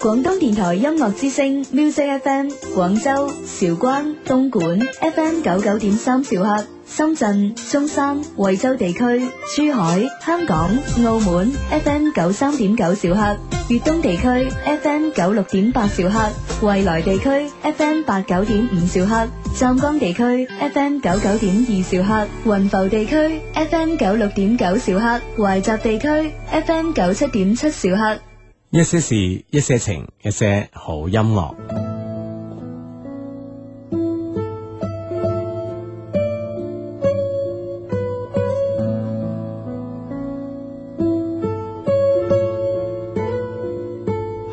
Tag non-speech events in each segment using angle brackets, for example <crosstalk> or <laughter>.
廣東電台音樂之聲 music FM 廣州、韶關、東莞 FM 九九點三兆赫，深圳、中山、惠州地區珠海、香港、澳門 FM 九三點九兆赫，粵東地區 FM 九六點八兆赫，惠來地區 FM 八九點五兆赫，湛江地區 FM 九九點二兆赫，雲浮地區 FM 九六點九兆赫，懷集地區 FM 九七點七兆赫。一些事，一些情，一些好音樂。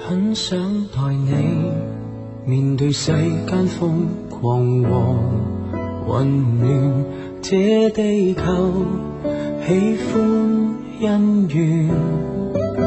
很想帶你面對世間瘋狂和混亂，這地球喜歡恩怨。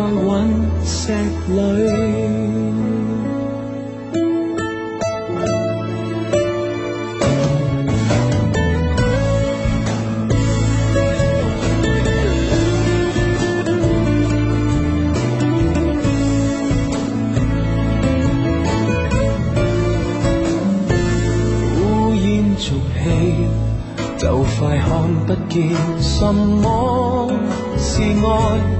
在隕石裏，烏煙瘴氣，就快看不見什麼是愛。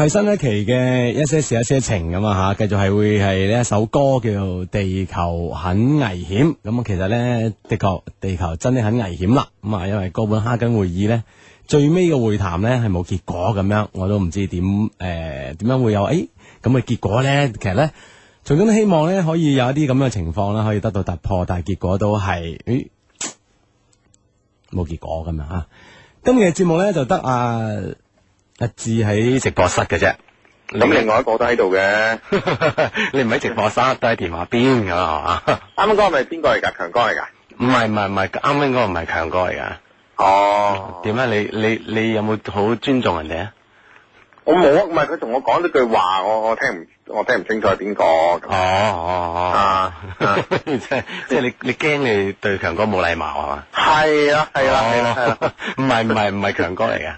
係新一期嘅一些事一些情咁啊吓，繼續係會係呢一首歌，叫做《地球很危險》咁啊。其實呢，的確地球真係很危險啦。咁啊，因為哥本哈根會議呢，最尾嘅會談呢係冇結果咁樣，我都唔知點誒點樣會有誒咁嘅結果呢，其實呢，從中希望呢，可以有一啲咁嘅情況呢，可以得到突破，但係結果都係冇、哎、結果咁啊。吓，今日嘅節目呢，就得啊。一致喺直播室嘅啫，咁另外一個都喺度嘅， <laughs> 你唔喺直播室， <laughs> 都喺電話邊咁啊，啱 <laughs> 啱嗰個係邊個嚟噶？強哥嚟噶？唔係唔係唔係，啱啱嗰個唔係強哥嚟噶。哦，點解你你你有冇好尊重人哋啊？我冇啊，唔係佢同我講咗句話，我我聽唔，我聽唔清楚係邊個咁。哦哦哦。啊即係即係你你驚你對強哥冇禮貌係嘛？係啦係啦係啦係啦。唔係唔係唔係強哥嚟嘅。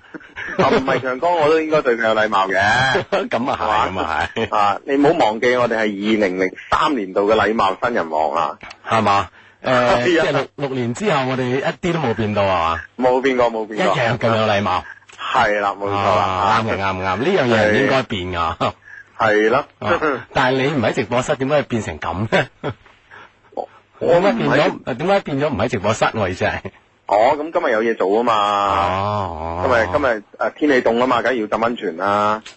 唔係強哥，我都應該對佢有禮貌嘅。 <laughs> 咁啊係，咁啊係。啊，你唔好忘記我哋係二零零三年度嘅禮貌新人王啊。係嘛？誒、呃， <laughs> 即係六六年之後，我哋一啲都冇變到係嘛？冇、 <laughs> 啊啊啊、變過，冇變過。一樣咁有禮貌。係啦，冇錯，啱、啊、嘅，啱唔啱？呢、嗯嗯嗯、樣嘢唔應該變噶，係咯、啊啊。但係你唔喺直播室，點解變成咁咧？我咩變咗？點解變咗唔喺直播室？我意思係。哦，咁今日有嘢做啊嘛。哦、啊，今日今日天氣凍啊嘛，梗係要浸温泉啦。 <laughs>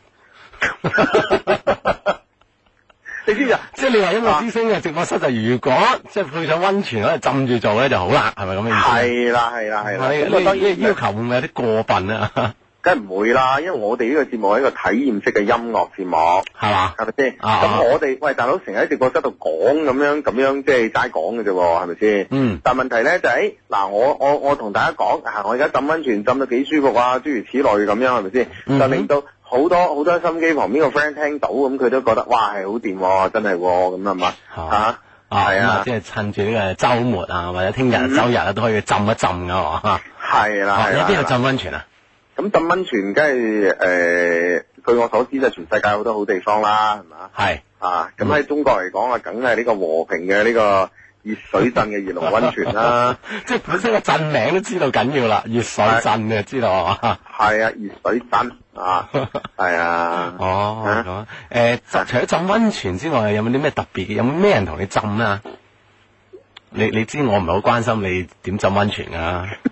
你知你啊，即係你話因為知聲嘅直播室就如果即係、就是、配上溫泉嗰度浸住做咧就好啦，係咪咁嘅意思？係啦，係啦，係啦。我覺得啲要求會唔會有啲過分啊，梗係唔會啦，因為我哋呢個節目係一個體驗式嘅音樂節目，係嘛？係咪先？咁、啊、我哋喂大佬成日喺直播室度講咁樣咁樣，即係齋講嘅啫喎，係咪先？嗯。但問題咧就係、是，嗱我我我同大家講，啊我而家浸溫泉浸到幾舒服啊，諸如此類咁樣係咪先？就令到。好多好多心機，旁邊個 friend 聽到咁，佢都覺得哇係好掂，真係咁、哦、啊嘛吓，係啊，啊，啊，即係趁住呢個周末啊，或者聽日周日啊都可以浸一浸噶、哦，係係啦，係、啊、啦。有邊度、啊、浸溫泉啊？咁、啊、浸溫泉，梗係誒，據我所知，就是、全世界好多好地方啦，係嘛？係啊，咁喺中國嚟講啊，梗係呢個和平嘅呢、這個熱水鎮嘅熱龍溫泉啦。 <laughs> 即係本身個鎮名都知道緊要啦，熱水鎮你知道啊、哦、嘛？係啊，熱水鎮。啊，係啊， <laughs> 哦，咁、啊，誒、呃，除咗浸溫泉之外，有冇啲咩特別嘅？有冇咩人同你浸啊？你你知我唔係好關心你點浸溫泉啊， <laughs> <laughs> <laughs> <laughs>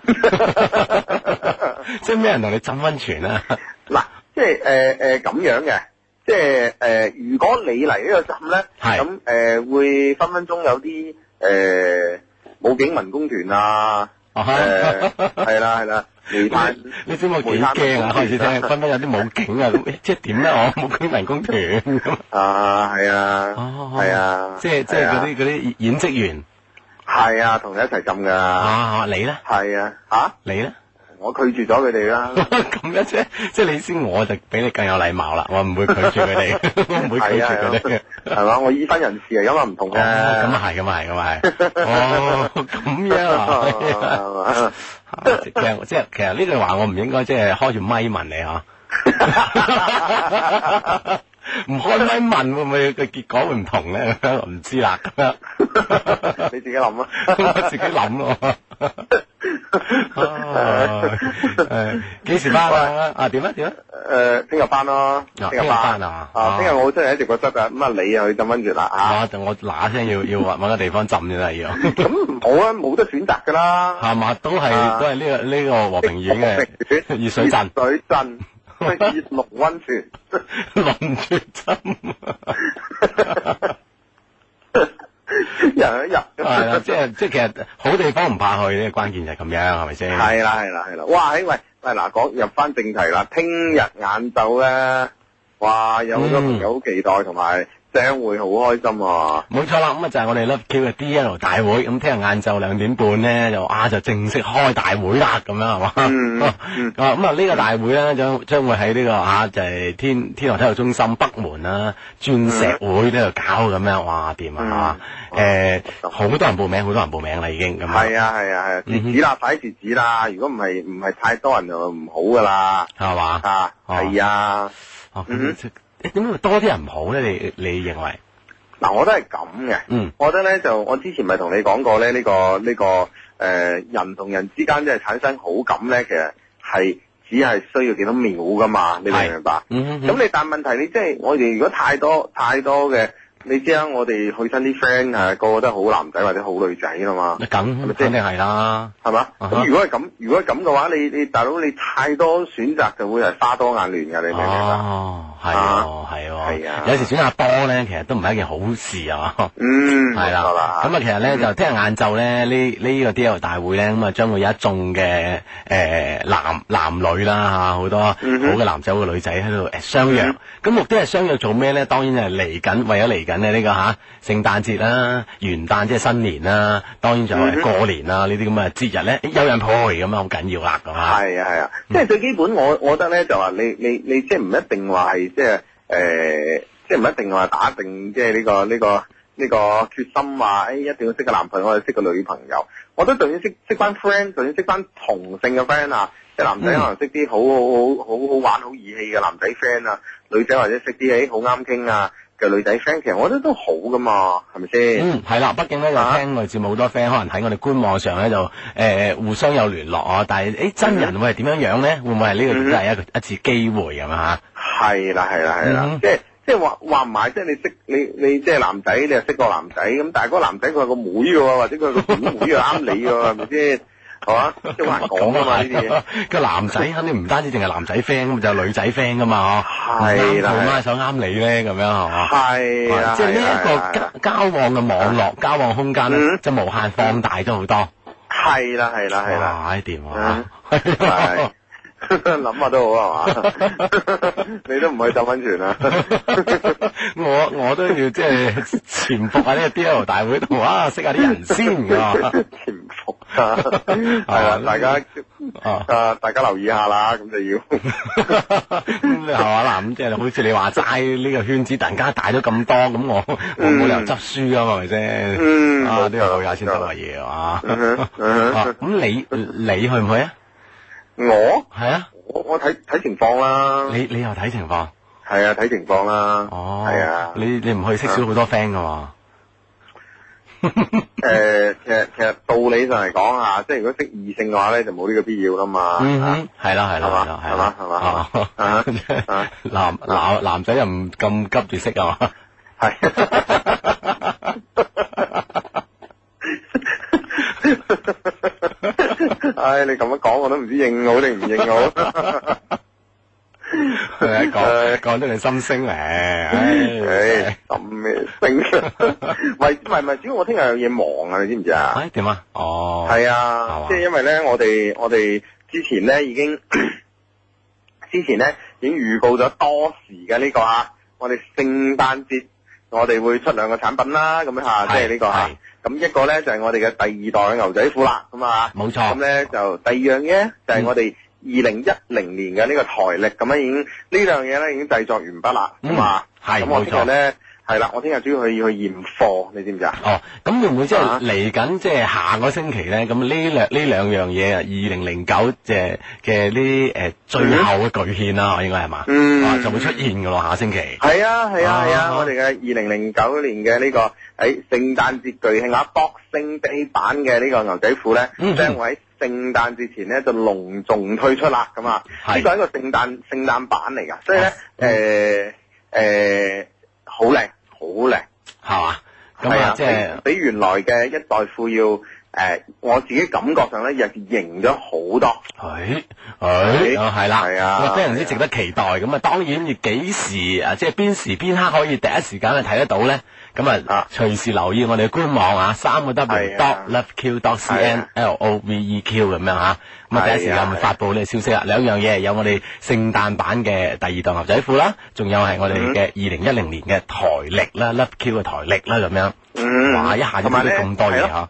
即係咩人同你浸溫泉啊？嗱、呃呃，即係誒誒咁樣嘅，即係誒，如果你嚟呢度浸咧，咁誒、呃、會分分鐘有啲誒、呃、武警民工團啊。誒，係啦係啦，你睇，你知我幾驚啊？開始聽，分分有啲武警啊，咁即係點咧？我武警民工團咁啊，係啊，係啊，即係即係嗰啲嗰啲演職員，係啊，同你一齊浸噶，啊，你咧？係啊，吓，你咧？我拒絕咗佢哋啦，咁樣啫，即係你先，我就比你更有禮貌啦。我唔會拒絕佢哋，唔 <laughs> 會拒絕佢哋，係嘛、啊？ <laughs> 我醫生人士嚟，咁 <laughs> 啊唔同嘅，咁啊係，咁啊係，咁啊係。哦，咁樣啊，係 <laughs> 嘛？ <laughs> <laughs> 即係其實呢句話，我唔應該即係開住咪問你啊。 <laughs> <laughs> 唔開咪問，會唔會個結果會唔同咧？唔知啦。 <laughs> 你自己諗啦，我自己諗咯。誒、 <laughs> 啊，幾、呃、時返啊？啊，點樣啊？點樣啊？誒、呃，聽日返咯、啊。聽日返啊？啊，聽日我真係一直覺得啊，咁啊，啊啊啊你又去浸温泉啦？啊，我嗱一聲要要搵個地方浸先啦，要。咁唔好啊，冇得選擇噶啦。係嘛，都係、啊、都係呢、這個呢、這個和平縣嘅熱水鎮。咩熱木溫泉，溫泉針，一日一日。係啊，即係即係，其實好地方唔怕去咧，關鍵就係咁樣，係咪先？係啦，係啦，係啦。哇！哎喂，嗱，講入翻正題啦，聽日晏晝咧，哇，有好多朋友好期待，同、嗯、埋。定會好開心啊！冇錯啦，咁啊就係我哋 Love Q 嘅 D L 大會，咁聽日晏晝兩點半咧就啊就正式開大會啦，咁樣係嘛？咁、嗯、啊呢、嗯啊、個大會咧將將會喺呢、這個啊就係、是、天天河體育中心北門啦鑽、啊、石會呢度搞咁樣，哇掂啊！誒、嗯，好、啊啊、多人報名，好多人報名啦已經咁。係啊係啊係！截止啦，快啲截止啦！如果唔係唔係太多人就唔好噶啦，係嘛？啊，係啊。點解多啲人唔好咧？你你認為嗱？我都係咁嘅。嗯，我覺得咧就我之前咪同你講過咧，呢、呢個呢、呢個誒、呃、人同人之間即係產生好感咧，其實係只係需要幾多秒噶嘛？你明唔明白？咁、嗯、你但係問題你即、就、係、是、我哋如果太多太多嘅，你知啦，我哋去親啲 friend 係個個都係好男仔或者好女仔啊嘛。咁，係咪、就是？肯定你係啦，係嘛？咁、uh-huh. 如果係咁，如果咁嘅話，你你大佬你太多選擇就會係花多眼亂㗎，你明唔明白？啊係哦，係、啊、哦，係啊！有時選擇多咧，其實都唔係一件好事啊～嗯，係 <laughs> 啦，咁啊，其實咧就聽日晏晝咧呢呢、嗯這個 DL 大會咧咁啊，將會有一眾嘅誒、呃、男男女啦嚇好多好嘅男仔，好嘅女仔喺度誒相約。咁目的係相約做咩咧？當然係嚟緊，為咗嚟緊咧、這、呢個吓、啊，聖誕節啦、啊、元旦即係、就是、新年啦、啊，當然就係過年啦呢啲咁嘅節日咧、哎，有人陪咁、嗯、啊，好緊要啊咁啊！係啊係啊，即係最基本我，我我覺得咧就話你你你，你即係唔一定話係。即係誒、呃，即係唔一定話打定，即係呢、這個呢、這個呢、這個決心話，誒、欸，一定要識個男朋友，或者識個女朋友。我覺得，就算識識翻 friend，就算識翻同性嘅 friend 啊，即係男仔可能識啲好好好好好玩、好義氣嘅男仔 friend 啊，女仔或者識啲誒好啱傾啊。欸嘅女仔 friend 其實我覺得都好㗎嘛，係咪先？嗯，係啦，畢竟咧，我聽我哋節目好多 friend、啊、可能喺我哋官網上咧就誒、呃、互相有聯絡啊，但係誒、欸、真人會係點樣樣咧、嗯？會唔會係呢個都係一一次機會咁啊？嚇，係啦，係啦，係啦、嗯，即係即係話唔埋，即係你識你你即係男仔，你又識，你你男你識男個男仔咁，但係嗰個男仔佢係個妹喎，或者佢係個妹妹啱 <laughs> 你喎，係咪先？哦，即係講啊嘛呢啲嘢，個 <laughs> 男仔肯定唔單止淨係男仔 friend，咁就係女仔 friend 噶嘛，嗬、啊？係啦，係想啱你咧咁樣，係嘛？係啦，即係呢一個交交往嘅網絡、嗯、交往空間咧，就無限放大咗好多。係啦，係啦，係啦。哇！啲電話。諗 <laughs> 下都好係嘛， <laughs> <laughs> 你都唔去浸溫泉啦？ <laughs> <laughs> 我我都要即係潛伏喺呢個 D L 大會度啊，識下啲人先啊！潛 <laughs> 伏係、啊 <laughs> 是啊、 <laughs> 大家啊 <laughs> 大家留意下啦，咁就要係嘛啦？咁即係好似你話齋呢個圈子突然間大咗咁多，咁我我冇理由執輸噶嘛？係咪先？嗯，都有老友先得啦，嘢啊！咁你你去唔去啊？我係啊，我我睇睇情況啦。你你又睇情況？係啊，睇情況啦。哦，係啊。你你唔可以識少好多 friend 噶喎。誒，其實其實道理上嚟講啊，即係如果識異性嘅話咧，就冇呢個必要啦嘛。嗯哼，係啦，係啦，係嘛，係嘛，係嘛。啊啊，男男男仔又唔咁急住識啊嘛，係。.唉、哎，你咁樣講，我都唔知應好定唔應好。你講講出你心聲嚟，唉咁咩聲？喂，唔係唔係唔係，主要我聽日有嘢忙啊，你知唔知啊？唉、哎，點啊？哦，係啊，啊，即係因為咧，我哋我哋之前咧已經， <coughs> 之前咧已經預告咗多時嘅呢、這個啊，我哋聖誕節。我哋會出兩個產品啦，咁樣嚇，即係呢個嚇。咁、啊、一個咧就係、是、我哋嘅第二代牛仔褲啦，咁啊，冇錯。咁咧就第二樣嘢就係、是、我哋二零一零年嘅呢個台力台曆咁、嗯、樣已經呢樣嘢咧已經製作完畢啦，係、嗯、嘛？咁、啊、我哋信咧。係啦，我聽日主要去要去驗貨，你知唔知啊？哦，咁會唔會即係嚟緊即係下個星期咧？咁呢兩呢兩樣嘢啊，二零零九即係嘅呢誒最後嘅巨獻啦，應該係嘛？嗯、哦，就會出現噶咯，下星期。係啊係啊係啊！我哋嘅二零零九年嘅呢、這個喺聖誕節巨慶啊，Boxing、這個、Day 版嘅呢個牛仔褲咧，將、嗯就是、會喺聖誕節前咧就隆重推出啦，咁啊，呢個係一個聖誕聖誕版嚟噶、啊，所以咧誒誒。嗯呃呃好靚，好靚，係嘛？咁、嗯、啊，即係比原來嘅一代富要、呃、我自己感覺上咧又贏咗好多。係，係，啊，係啦，係啊，我、啊啊、非常之值得期待。咁啊，當然要幾時啊？即係邊時邊刻可以第一時間去睇得到咧？咁啊！隨時留意我哋嘅官網啊，三個 W dot love q dot c n l o v e q 咁樣嚇。咁啊，第一時間咪發布呢個消息啦。兩樣嘢有我哋聖誕版嘅第二代牛仔褲啦，仲有係我哋嘅二零一零年嘅台曆啦，Love Q 嘅台曆啦咁樣。嗯，睇一下呢啲咁多嘢嚇。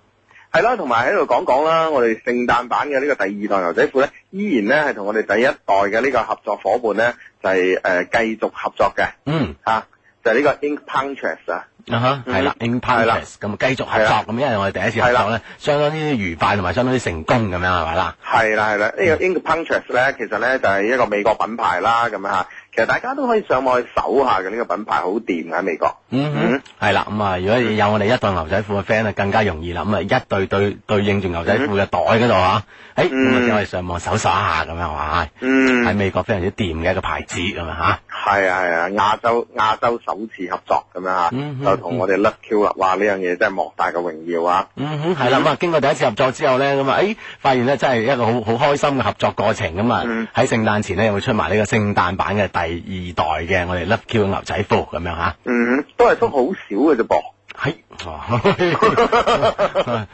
係咯、啊，同埋喺度講講啦，我哋聖誕版嘅呢個第二代牛仔褲咧，依然咧係同我哋第一代嘅呢個合作伙伴咧，就係、是、誒、呃、繼續合作嘅。嗯，嚇就係呢個 Ink Punches 啊。就是啊、uh、哈 -huh, 嗯，係啦，Empires 咁繼續合作，咁因為我哋第一次合作咧，相當之愉快同埋相當之成功咁樣，係咪啦？係啦係啦，呢、這個 Empires 咧，其實咧就係一個美國品牌啦，咁樣吓。其實大家都可以上網去搜下嘅呢個品牌好掂嘅喺美國。嗯哼嗯，係啦，咁啊，如果有我哋一對牛仔褲嘅 friend 更加容易諗。啊，一對對對應住牛仔褲嘅袋嗰度啊。嗯」誒、哎，咁我哋可以上網搜索下咁樣係咪？喺、嗯、美國非常之掂嘅一個牌子咁樣吓。係啊係啊，亞洲亞洲首次合作咁樣吓，就同我哋甩 Q 啦哇呢樣嘢真係莫大嘅榮耀啊。嗯哼，係啦，咁、嗯、啊、嗯嗯，經過第一次合作之後咧，咁啊，誒，發現咧真係一個好好開心嘅合作過程咁啊。喺聖誕前咧又會出埋呢個聖誕版嘅係二代嘅我哋粒 Q 牛仔褲咁樣吓，嗯，都係出好少嘅啫噃，係哦，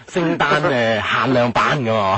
聖誕誒限量版嘅哦，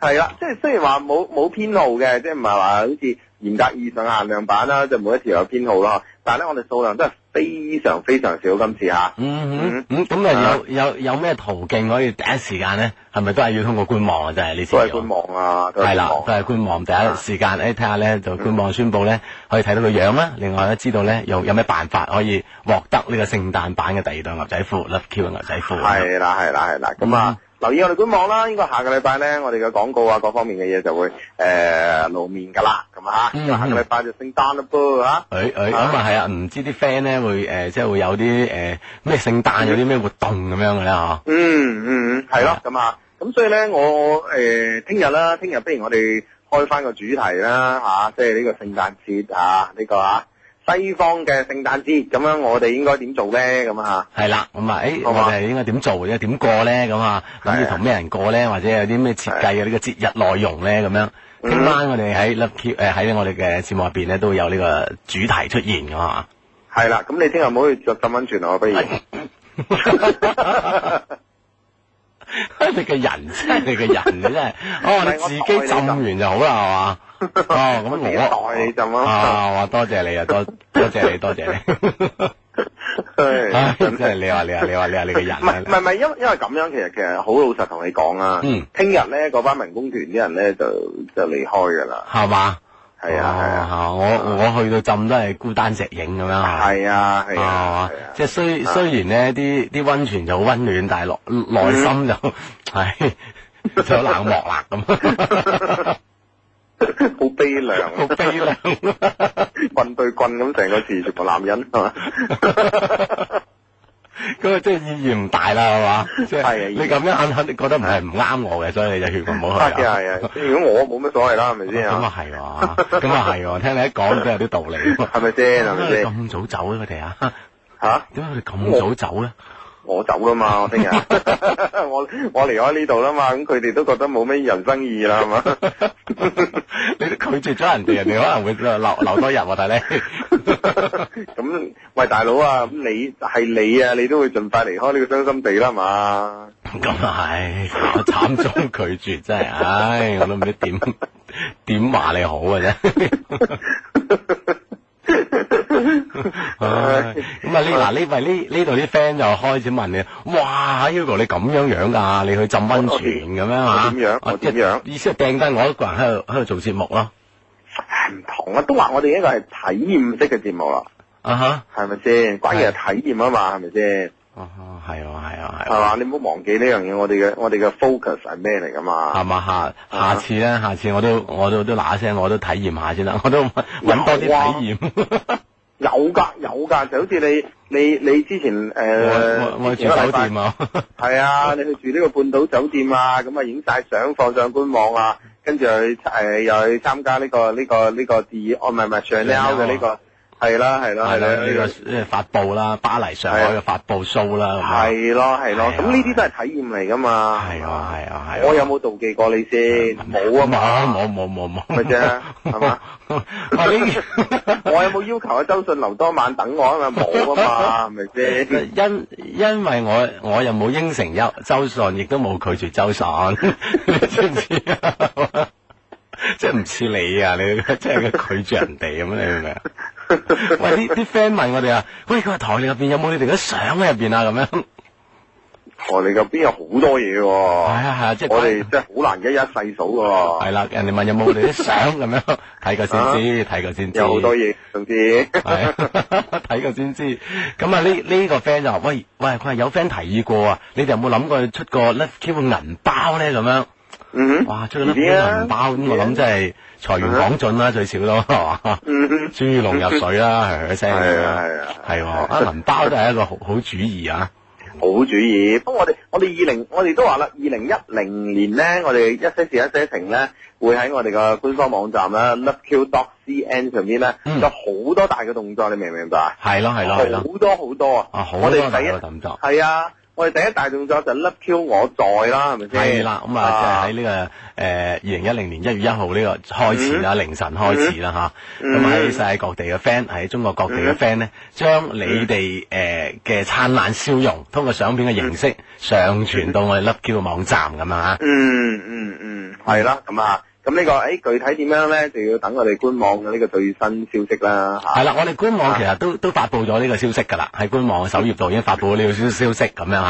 係 <laughs> 啦， <laughs> 即係雖然話冇冇編號嘅，即係唔係話好似。嚴格以上限量版啦，就每一條有編號啦。但係咧，我哋數量都係非常非常少，今次吓。嗯嗯。咁咁啊，有有有咩途徑可以第一時間咧？係咪都係要通過官網啊？就係呢次。都係官網啊！係啦、啊，都係官網，啊官網啊。第一時間，誒，睇下咧，就官網宣布咧、嗯，可以睇到個樣啦。另外咧，知道咧有有咩辦法可以獲得呢個聖誕版嘅第二代牛仔褲、Love Cute 牛仔褲。係啦，係啦，係啦。咁啊。嗯留意我哋官網啦，應該下個禮拜咧，我哋嘅廣告啊，各方面嘅嘢就會誒、呃、露面噶啦，咁啊吓，下個禮拜就聖誕啦噃，吓、嗯，誒、嗯，咁啊係啊，唔知啲 friend 咧會誒、呃，即係會有啲誒咩聖誕有啲咩活動咁樣嘅咧嗬？嗯嗯係係咯，咁、呃、啊，咁所以咧，我誒聽日啦，聽日不如我哋開翻個主題啦，吓、啊，即係呢個聖誕節啊，呢、這個啊。西方嘅聖誕節咁樣、哎，我哋應該點做咧？咁啊，係啦，咁啊，誒，我哋應該點做咧？點過咧？咁啊，諗住同咩人過咧？或者有啲咩設計嘅呢個節日內容咧？咁樣，聽晚我哋喺 LoveQ 喺我哋嘅節目入面咧，都會有呢個主題出現㗎嘛。係啦，咁你聽日唔好去浸溫泉啊，我不如。 <laughs> <laughs> <laughs> <laughs> 你嘅人，你嘅人，你真係，哦，你自己浸完就好啦，係嘛？哦，咁我，我你浸啊，我、哦、多謝你啊，多 <laughs> 多謝你，多謝你。唉， <laughs> 真係 <laughs> 你啊，你啊，你啊，你啊，你嘅人。唔係唔係，因為因為咁樣，其實其實好老實同你講啊。嗯，聽日咧嗰班民工團啲人咧就就離開噶啦，係嘛，係啊，啊、哦、啊，我我去到浸都係孤單石影咁樣係係啊係啊、哦、啊，啊，即係雖、啊、雖然咧，啲啲溫泉就好溫暖，但係內內心就係就、嗯哎、好冷漠啦咁。 <laughs> <laughs> 好 <laughs> 悲涼良，好悲涼，棍對棍咁成個字，成個男人係嘛？咁啊，即 <laughs> 係 <laughs> 意義唔大啦，係嘛？即 <laughs> 係是的 <laughs> 你咁樣，肯肯定覺得唔係唔啱我嘅， <laughs> 所以你就勸我唔好去。係啊係啊，如果我冇乜所謂啦，係咪先？咁啊係喎，咁啊係喎，聽你一講都有啲道理，係咪先？點解你咁早走啊，佢 <laughs> 哋啊，吓？點解佢哋咁早走咧、啊？我走㗎嘛，我聽日， <laughs> 我我離開呢度啦嘛，咁佢哋都覺得冇咩人生意義啦嘛。 <laughs> 你拒絕咗人哋，人哋可能會留留多日喎，啊，大咧。咁， <laughs> <laughs> 喂，大佬啊，咁你係你啊，你都會盡快離開呢個傷心地啦，係嘛？咁啊係，慘遭拒絕真係，唉，哎，我都唔知點點話你好啊。啫。 <laughs> 咁 <laughs> <laughs> 啊呢嗱呢呢呢度啲 friend 又開始問你，哇，Hugo 你咁樣樣噶、啊，你去浸溫泉咁樣吓？我我我點樣？我點樣？點、啊、樣？意思係掟低我一個人喺度喺度做節目咯？唔同啊，都話我哋呢個係體驗式嘅節目啦。啊哈，係咪先？關鍵係體驗啊嘛，係咪先？啊，係啊，係啊，係、啊。係、啊、嘛？你唔好忘記呢樣嘢，我哋嘅我哋嘅 focus 係咩嚟噶嘛？係嘛？下、啊、下次咧，下次我都我都我都嗱一聲，我都體驗下先啦，我都揾多啲體驗、啊。 <laughs> 有噶有噶，就好似你你你之前、呃、我，我，我住，住酒店啊，係、嗯、啊，你去住呢個半島酒店啊，咁啊影曬相放上官網啊，跟住去誒又去參加呢、呢個呢、呢個呢、呢個字、呢個、哦，唔係唔係 Chanel 嘅呢個。啊啊啊啊啊啊啊啊係啦係啦係啦，呢個呢個發布啦，巴黎上海嘅發布 show 啦。係咯係咯，咁呢啲都係體驗嚟噶嘛。係啊係啊，我有冇妒忌過你先？冇啊嘛，冇冇冇冇咪啫係嘛。我有冇要求啊周迅留多晚等我啊嘛？冇啊嘛，咪啫因因為我我又冇應承邱周迅，亦都冇拒絕周迅，即係唔似你啊，你真係拒絕人哋，咁你明唔明啊 <laughs> 喂！啲啲 friend 問我哋啊，喂！佢話台裏入邊有冇你哋啲相喺入邊啊？咁樣，台裏入邊有好多嘢喎。係啊係啊，即 <laughs> 係、啊啊就是、我哋即係好難一一細數噶。係 <laughs> 啦、啊，人哋問有冇你啲相咁樣，睇 <laughs> 過先知，睇過先知。有好多嘢，總之睇過先知。咁啊，呢呢、啊、 <laughs> <laughs> <laughs> <laughs> 個 friend 就話，喂喂，佢係有 friend 提議過啊，你哋有冇諗過出個 love keep 銀包咧？咁樣，嗯，哇，出個 love keep 銀包，啊、我諗真係。財源廣進啦，mm -hmm. 最少都係嘛？豬 <laughs> 籠入水啦，係、mm、佢 -hmm. 聲係啊，係、yes, 啊，係、yes, 啊！啊、yes,，紅包都係一個好好主意啊，好主意。不過我哋我哋二零我哋都話啦，二零一零年咧，我哋一些事一些情咧，mm -hmm. 會喺我哋個官方網站啦，LoveQ dot CN 上邊咧，有好多大嘅動作，你明唔明白？係咯，係咯，好多好多啊！好多第一個動作係啊。 <music> <music> <music> 我哋第一大動作就係 LoveQ 我在啦，係咪先？係啦，咁啊，即係喺呢個誒二零一零年一月一號呢個開始啦，凌晨開始啦嚇。咁喺世界各地嘅 friend，喺中國各地嘅 friend 咧，將你哋誒嘅燦爛笑容，通過相片嘅形式上傳到我哋 LoveQ 嘅網站咁啊嚇。嗯嗯嗯，係啦，咁啊。咁呢個誒具體點樣咧，就要等我哋官網嘅呢個最新消息啦。係啦，我哋官網其實都都發布咗呢個消息㗎啦，喺官網嘅首頁度已經發布呢個消消息咁樣吓，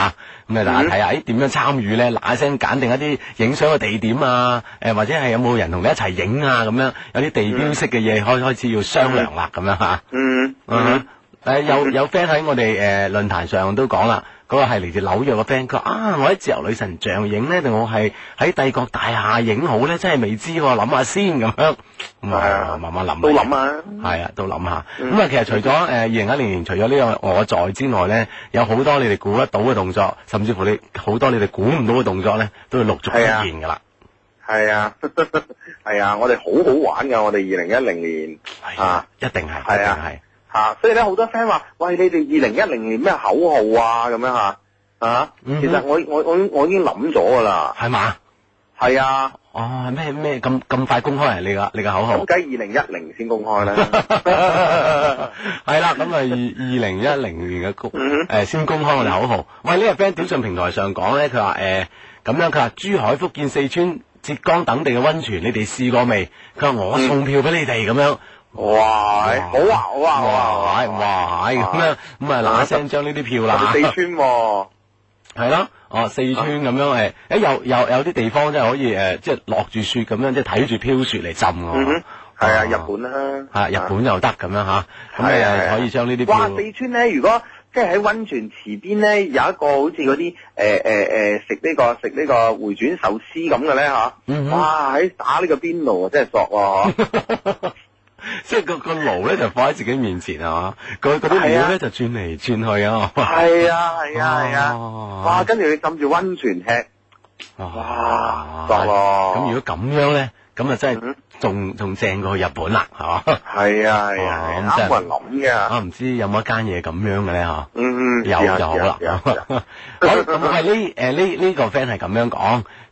咁啊大家睇下誒點樣參與咧，嗱一聲揀定一啲影相嘅地點啊，誒或者係有冇人同你一齊影啊咁樣，有啲地標式嘅嘢開開始要商量啦咁樣吓，嗯，嗯嗯嗯嗯，有有 friend 喺我哋誒論壇上都講啦。嗰、那個係嚟自紐約個 friend，佢話啊，我喺自由女神像影呢，定我係喺帝國大廈影好呢？真係未知，諗下先咁樣。咁啊，慢慢諗。都諗啊。係啊，都諗下。咁、嗯、啊，其實除咗誒二零一零年，除咗呢個我在之外呢，有好多你哋估得到嘅動作，甚至乎你好多你哋估唔到嘅動作呢，都陸續出現噶啦。係啊，係啊, <laughs> 啊，我哋好好玩噶，我哋二零一零年啊,啊，一定係，一定係。吓、啊，所以咧好多 friend 話，喂，你哋二零一零年咩口號啊？咁樣吓，啊、嗯，其實我我我我已經諗咗噶啦，係嘛？係啊。哦，咩咩咁咁快公開啊？你個你個口號？點解二零一零先公開咧、啊？係 <laughs> 啦， <laughs> 咁啊二二零一零年嘅公誒先公開我哋口號。嗯、喂，呢、這個 friend 短信平台上講咧，佢話誒咁樣，佢話珠海、福建、四川、浙江等地嘅溫泉，你哋試過未？佢、嗯、話我送票俾你哋咁樣。哇！好啊，好啊，哇！哇！咁樣咁咪嗱聲將呢啲票啦四川係、啊、係 <laughs> 哦，四川咁樣誒、啊、有有有啲地方真係可以誒，即係落住雪咁樣，即係睇住飄雪嚟浸喎。嗯哼，係啊，啊，日本啦、啊。吓、啊，日本又得咁樣吓，咁你又可以將呢啲。哇！四川咧，如果即係喺温泉池邊咧，有一個好似嗰啲誒誒誒食呢、個食呢、個、個回轉壽司咁嘅咧吓。嗯哼。哇！喺打呢個邊爐啊，真係索啊。即係個個爐咧就放喺自己面前係嘛？佢嗰啲碗咧就轉嚟轉去啊。係啊係啊係啊，啊，啊，啊，啊，哇！跟住你浸住温泉吃，哇！得、啊、咯。咁、啊、如果咁樣咧，咁啊真係仲仲正過去日本啦，係嘛？係啊係啊，啱人諗唔知有冇一間嘢咁樣嘅咧吓？嗯、啊、嗯，有就好啦。咁係呢誒呢呢個 friend 係咁樣講。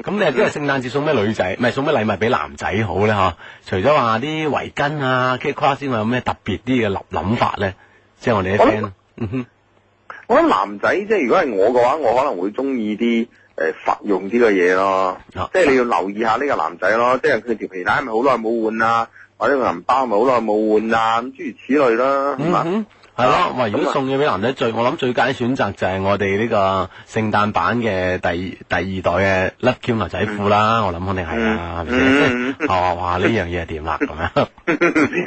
咁你又知係聖誕節送咩女仔，唔係送咩禮物俾男仔好咧？吓、啊，除咗話啲圍巾啊、Jacket 之外，有咩特別啲嘅諗諗法咧？即係我哋一聽，嗯哼，我諗男仔即係如果係我嘅話，我可能會中意啲誒實用啲嘅嘢咯。啊、即係你要留意下呢個男仔咯，即係佢條皮帶咪好耐冇換啊，或者個銀包咪好耐冇換啊，咁諸如此類啦，嗯係咯，喂！如果送嘢俾男仔最，我諗最佳嘅選擇就係我哋呢個聖誕版嘅第第二代嘅 Love Q 牛仔褲啦、嗯，我諗肯定係啦，係咪先、嗯嗯？ <laughs> 哇哇，呢、這個、樣嘢係點啊？咁樣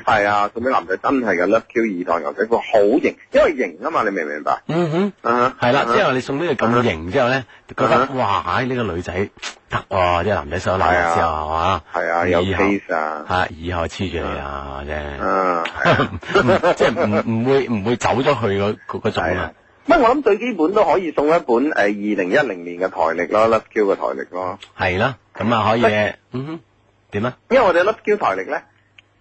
係啊， <laughs> 送俾男仔真係嘅 Love Q 二代牛仔褲好型，因為型啊嘛，你明唔明白嗎？嗯哼，係、uh、啦 -huh,，即係話你送俾佢咁型之後咧，uh -huh, 後呢 uh -huh. 覺得哇！唉，呢個女仔。得喎，啲男仔想攬住先喎，係嘛？係啊，有 f a c 啊，嚇、啊、以後黐住、啊、你啊啫、啊啊嗯，嗯，即係唔唔會唔 <laughs> 會，會走咗去個個仔啊？乜、那個啊、我諗最基本都可以送一本誒二零一零年嘅台歷咯，Love Q 嘅台歷咯，係啦、啊，咁啊可以，嗯哼，點啊？因為我哋 Love Q 台歷咧。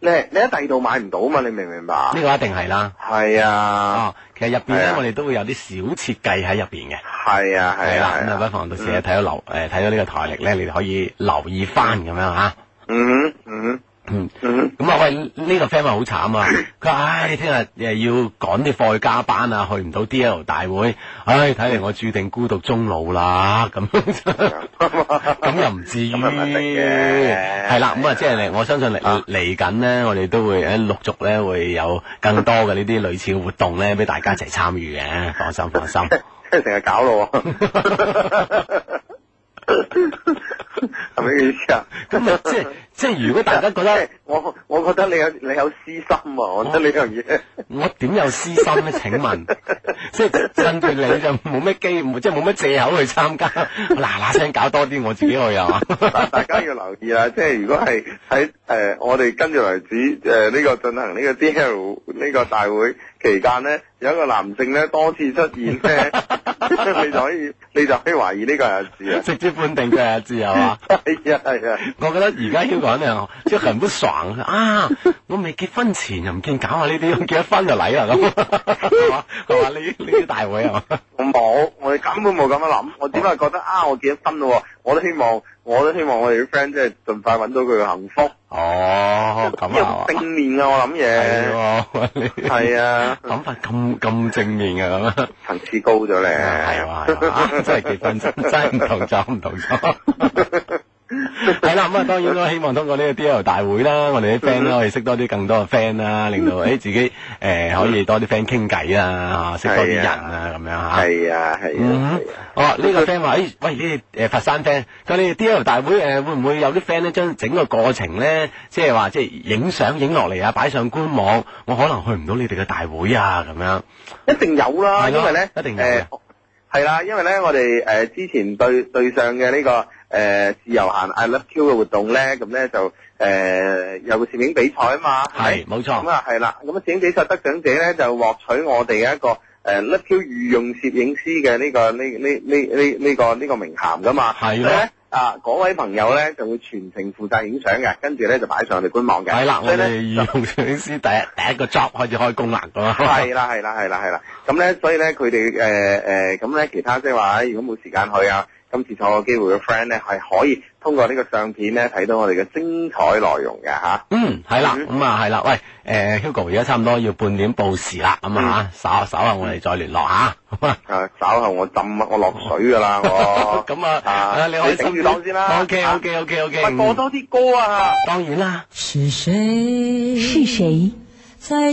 你你喺第二度買唔到啊嘛，你明唔明白？呢、呢個一定係啦。係啊、哦。其實入邊咧、啊，我哋都會有啲小設計喺入邊嘅。係啊係啊，咁啊，啊，啊，啊不妨到時咧睇到流睇到呢個台曆咧，你哋可以留意翻咁樣嚇。嗯嗯。嗯，咁、嗯、啊、嗯嗯嗯、喂，呢、這個 friend 話好慘啊，佢、嗯、唉，聽日又要趕啲貨去加班啊，去唔到 D L 大會，唉、哎，睇嚟我注定孤獨終老啦，咁咁、嗯嗯、又唔至於，係啦，咁啊即係，我相信嚟嚟緊咧，啊、我哋都會喺陸續咧會有更多嘅呢啲類似嘅活動咧，俾大家一齊參與嘅，放心放心，即係成日搞咯。嗯 <laughs> 係咪呢個意思啊？即係即係，就是、如果大家覺得 <laughs> 我，我覺得你有你有私心啊！我覺得呢樣嘢，我點 <laughs> 有私心咧？請問，即係針對你就冇咩機，即係冇咩借口去參加，嗱嗱聲搞多啲我自己去啊！ <laughs> <laughs> <laughs> 大家要留意啦、啊，即、就、係、是、如果係喺誒，我哋跟住為止誒呢個進行呢、這個 D L 呢個大會。期間咧有一個男性咧多次出現咧， <laughs> <laughs> 你就可以你就可以懷疑呢個係字啊，直接判定佢係字係嘛？係啊係啊！ <laughs> <laughs> 我覺得而家呢個人即係全部爽啊！我未結婚前又唔見搞下呢啲，咁結咗婚就禮啊咁，係嘛？佢 <laughs> 話是吧 <laughs> 和你呢啲 <laughs> 大會係嘛？我冇，我哋根本冇咁樣諗，我點解覺得 <laughs> 啊，我結咗婚咯，我都希，希望我都希望我哋啲 friend 即係盡快揾到佢嘅幸福。哦，咁啊，正面啊，我諗嘢，係啊，諗法咁咁正面嘅咁啊，層次高咗咧，係嘛，真係結婚， <laughs> 真係唔同咗唔 <laughs> 同咗。 <laughs> 係啦，咁啊，當然啦，希望通過呢個 DL 大會啦，我哋啲 friend 咧可以識多啲更多嘅 friend 啦，令到誒自己誒可以多啲 friend 傾偈啦，啊，識多啲人啊，咁樣吓。係啊，係啊。嗯，好，呢個 friend 話，誒，喂，呢誒佛山 friend，咁你 DL 大會誒會唔會有啲 friend 咧將整個過程咧，即係話即係影相影落嚟啊，擺上官網，我可能去唔到你哋嘅大會啊，咁樣。一定有啦，因為咧，一定，係啦，因為咧，我哋誒之前對對上嘅呢個。誒、呃、自由行 I Love Q 嘅活動咧，咁、嗯、咧就誒有個攝影比賽啊嘛，係冇錯。咁啊係啦，咁攝影比賽得獎者咧就獲取我哋一個誒 Love Q 御用攝影師嘅呢、呢個呢呢呢呢呢呢名銜，噶嘛，係咯。啊嗰位朋友咧就會全程負責影相嘅，跟住咧就擺上我哋官網嘅。係啦，我哋御用攝影師第一第一個 job 開始開功能，噶，係啦，係啦，係啦，係啦。咁咧 <laughs> 所以咧佢哋誒誒咁咧其他即係話，如果冇時間去啊。今次坐個機會嘅 friend 咧，係可以通過呢個相片咧睇到我哋嘅精彩內容嘅吓、啊，嗯，係啦，咁、嗯嗯、啊係啦。喂，誒、呃、Hugo，而家差唔多要半點報時啦，咁、嗯、啊，稍稍後我哋再聯絡嚇。誒、嗯啊，稍後我浸我落水㗎啦，我下。咁 <laughs> 啊，啊，啊，你可以頂住先啦。O K O K O K O K，快播多啲歌啊！當然啦。是誰是誰在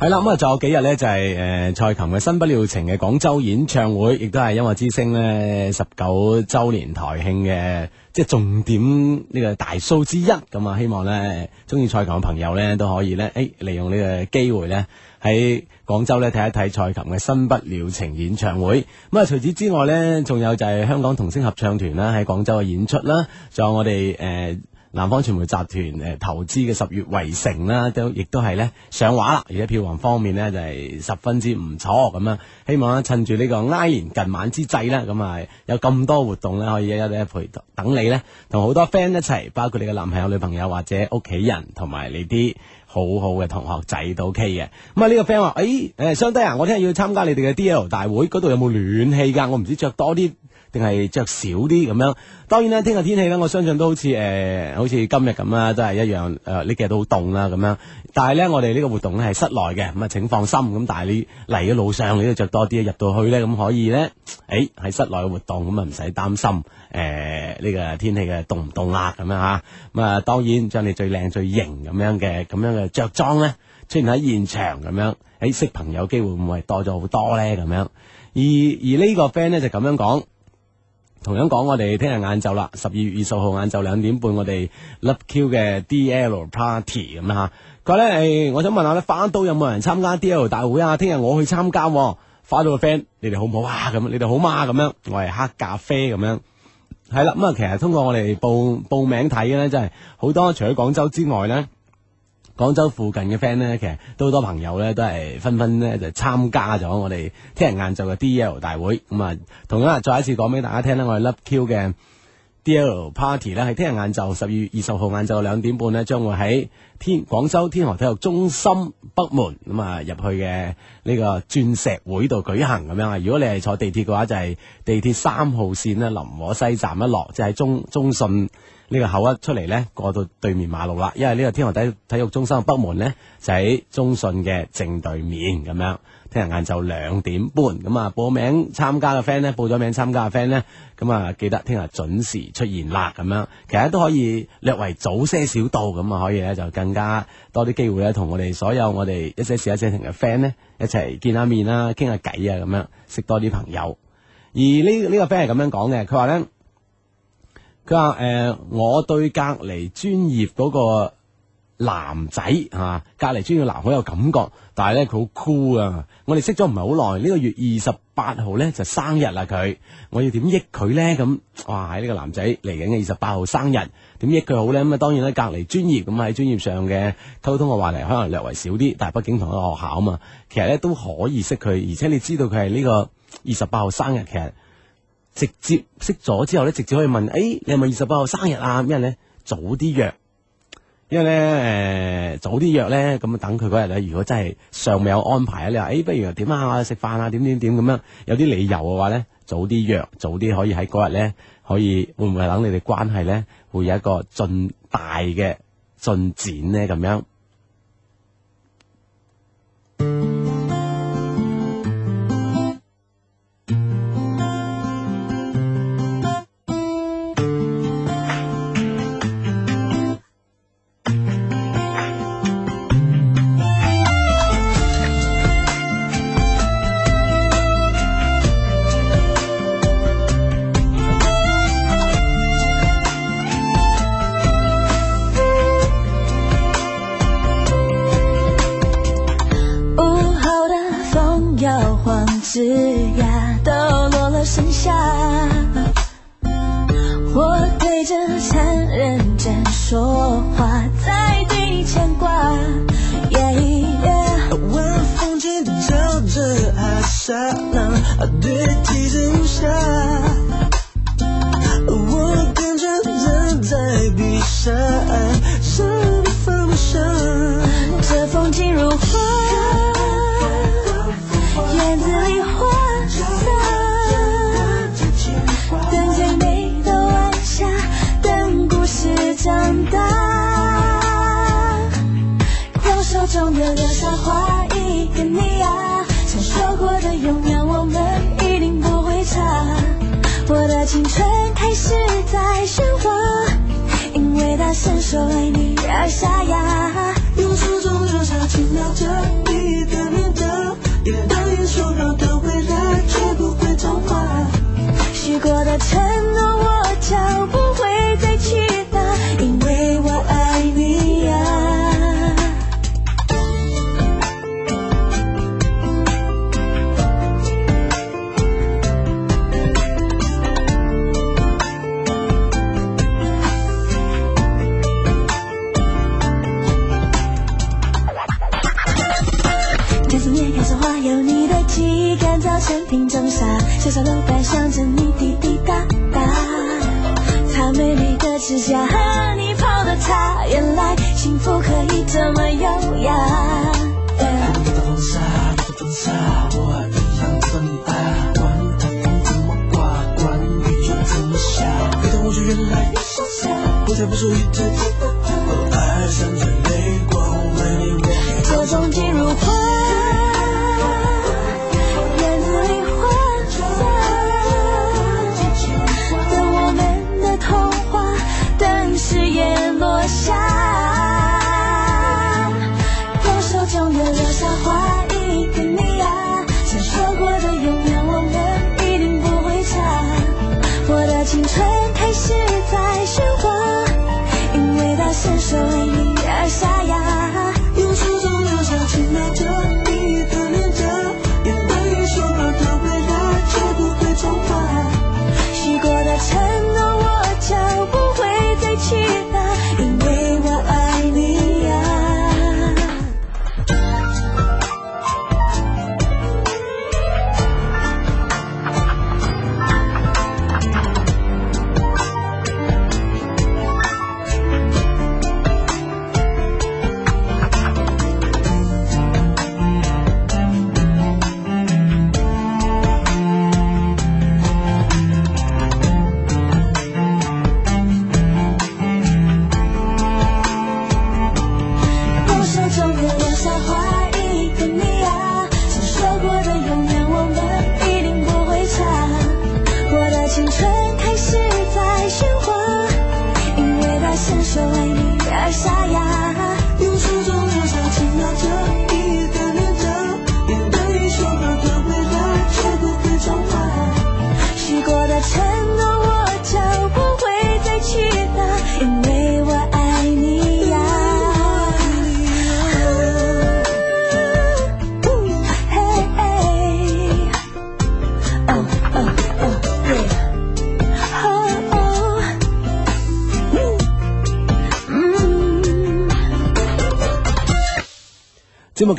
係啦，咁啊，仲有幾日呢，就係誒蔡琴嘅《新不了情》嘅廣州演唱會，亦都係音樂之星呢十九周年台慶嘅即係重點呢個大 show 之一。咁、嗯、啊，希望呢，中意蔡琴嘅朋友呢，都可以呢，誒、哎、利用呢個機會呢，喺廣州呢睇一睇蔡琴嘅《新不了情》演唱會。咁、嗯、啊，除此之外呢，仲有就係香港童聲合唱團啦，喺廣州嘅演出啦，仲有我哋誒。呃南方傳媒集團誒、呃、投資嘅十月圍城啦、啊，都亦都係呢上畫啦，而且票房方面呢，就係、是、十分之唔錯咁樣呢。希望啊趁住呢個挨年近晚之際呢，咁啊有咁多活動呢，可以一一對陪等你呢，同好多 friend 一齊，包括你嘅男朋友、女朋友或者屋企人，同埋你啲好好嘅同學仔都 ok 嘅。咁啊呢個 friend 話：誒、哎，誒，雙低啊，我聽日要參加你哋嘅 DL 大會，嗰度有冇暖氣噶？我唔知着多啲。定係着少啲咁樣，當然啦，聽日天，天氣呢，我相信都好似誒、呃，好似今日咁啦，都係一樣誒、呢、呃、幾日都好凍啦咁樣。但係呢，我哋呢個活動呢，係室內嘅，咁啊，請放心咁。但係你嚟嘅路上，你都着多啲，入到去呢，咁、嗯、可以呢，誒、哎，喺室內嘅活動咁啊，唔使擔心誒呢、呃這個天氣嘅凍唔凍啊咁樣吓。咁啊，當然將你最靚最型咁樣嘅咁樣嘅着裝咧，出現喺現，現場咁樣，喺、哎、識朋友機會唔會多咗好多呢？咁樣而而呢個 friend 呢，就咁樣講。同樣講，我哋聽日晏晝啦，十二月二十號晏晝兩點半，我哋 Love Q 嘅 D L Party 咁啦吓。佢咧、欸，我想問下咧，花都有冇人參加 D L 大會啊？聽日我去參加、哦，花都嘅 friend，你哋好唔好啊？咁，你哋好嘛？咁樣，我係黑咖啡咁樣。係啦，咁啊，其實通過我哋報報名睇咧，真係好多，除咗廣州之外咧。廣州附近嘅 friend 咧，其實都好多朋友呢，都係紛紛呢，就參加咗我哋聽日晏晝嘅 D.L. 大會。咁啊，同樣再一次講俾大家聽咧，我哋 Love Q 嘅 D.L. Party 呢，喺聽日晏晝十二月二十號晏晝兩點半呢，將會喺天廣州天河體育中心北門，咁啊入去嘅呢個鑽石會度舉行咁樣啊。如果你係坐地鐵嘅話，就係地鐵三號線呢，林和西站一落就係中中信。呢個口一出嚟呢，過到對面馬路啦。因為呢個天河體體育中心的北門呢，就喺中信嘅正對面咁樣。聽日晏晝兩點半，咁啊報名參加嘅 friend 咧，報咗名參加嘅 friend 咧，咁啊記得聽日準時出現啦。咁樣其實都可以略為早些小到，咁啊可以咧就更加多啲機會咧，同我哋所有我哋一些事一些情嘅 friend 咧，一齊見下面啦，傾下偈啊，咁樣識多啲朋友。而呢呢個 friend 係咁樣講嘅，佢話呢。佢話：誒、呃，我對隔離專業嗰個男仔、啊、隔離專業男好有感覺，但係呢，佢好酷啊！我哋識咗唔係好耐，呢、呢個月二十八號呢就生日啦佢，我要點益佢呢？咁哇喺呢、呢個男仔嚟緊嘅二十八號生日，點益佢好呢？咁啊當然呢隔離專業咁喺專業上嘅溝通嘅話題可能略為少啲，但係畢竟同一個學校啊嘛，其實呢都可以識佢，而且你知道佢係呢個二十八號生日，其實直接識咗之後咧，直接可以問，誒、哎、你係咪二十八號生日啊？因為咧早啲約，因為咧、呃、早啲約咧，咁等佢嗰日咧，如果真係尚未有安排、哎、啊，你話誒不如點啊，我哋食飯啊，點點點咁樣，有啲理由嘅話咧，早啲約，早啲可以喺嗰日咧，可以會唔會等你哋關係咧，會有一個進大嘅進展咧，咁樣。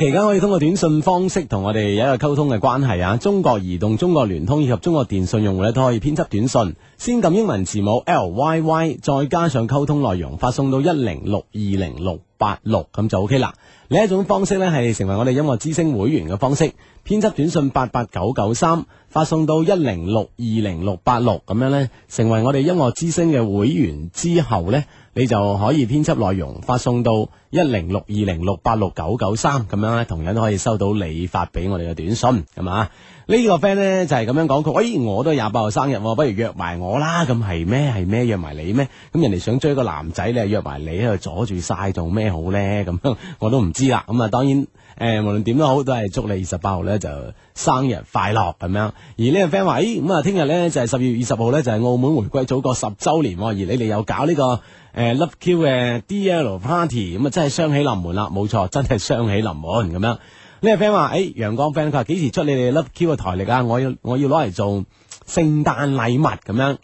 期間可以通過短信方式同我哋有一個溝通嘅關係啊！中國移動、中國聯通以及中國電信用戶呢都可以編輯短信，先撳英文字母 L Y Y，再加上溝通內容，發送到一零六二零六八六，咁就 OK 啦。另一種方式呢，係成為我哋音樂之聲會員嘅方式，編輯短信八八九九三，發送到一零六二零六八六，咁樣呢，成為我哋音樂之聲嘅會員之後呢。你就可以編輯內容，發送到一零六二零六八六九九三咁樣咧，同樣都可以收到你發俾我哋嘅短信，係嘛？呢、這個 friend 呢，就係、是、咁樣講，佢，咦，我都廿八號生日，不如約埋我啦？咁係咩？係咩？約埋你咩？咁人哋想追一個男仔，你又約埋你，去阻住晒，做咩好呢？咁我都唔知啦。咁啊，當然誒、呃，無論點都好，都係祝你二十八號呢就生日快樂咁樣。而個 fan、哎、呢個 friend 話，咦，咁啊，聽日呢，就係十二月二十號呢，就係澳門回歸祖國十周年，而你哋又搞呢、這個。誒、嗯、，Love Q 嘅 D L Party 咁啊，真係雙喜臨門啦！冇錯，真係雙喜臨門咁樣。呢位 friend 話：誒、哎，陽光 friend，佢話幾時出你哋 Love Q 嘅台曆啊？我要我要攞嚟做聖誕禮物咁樣。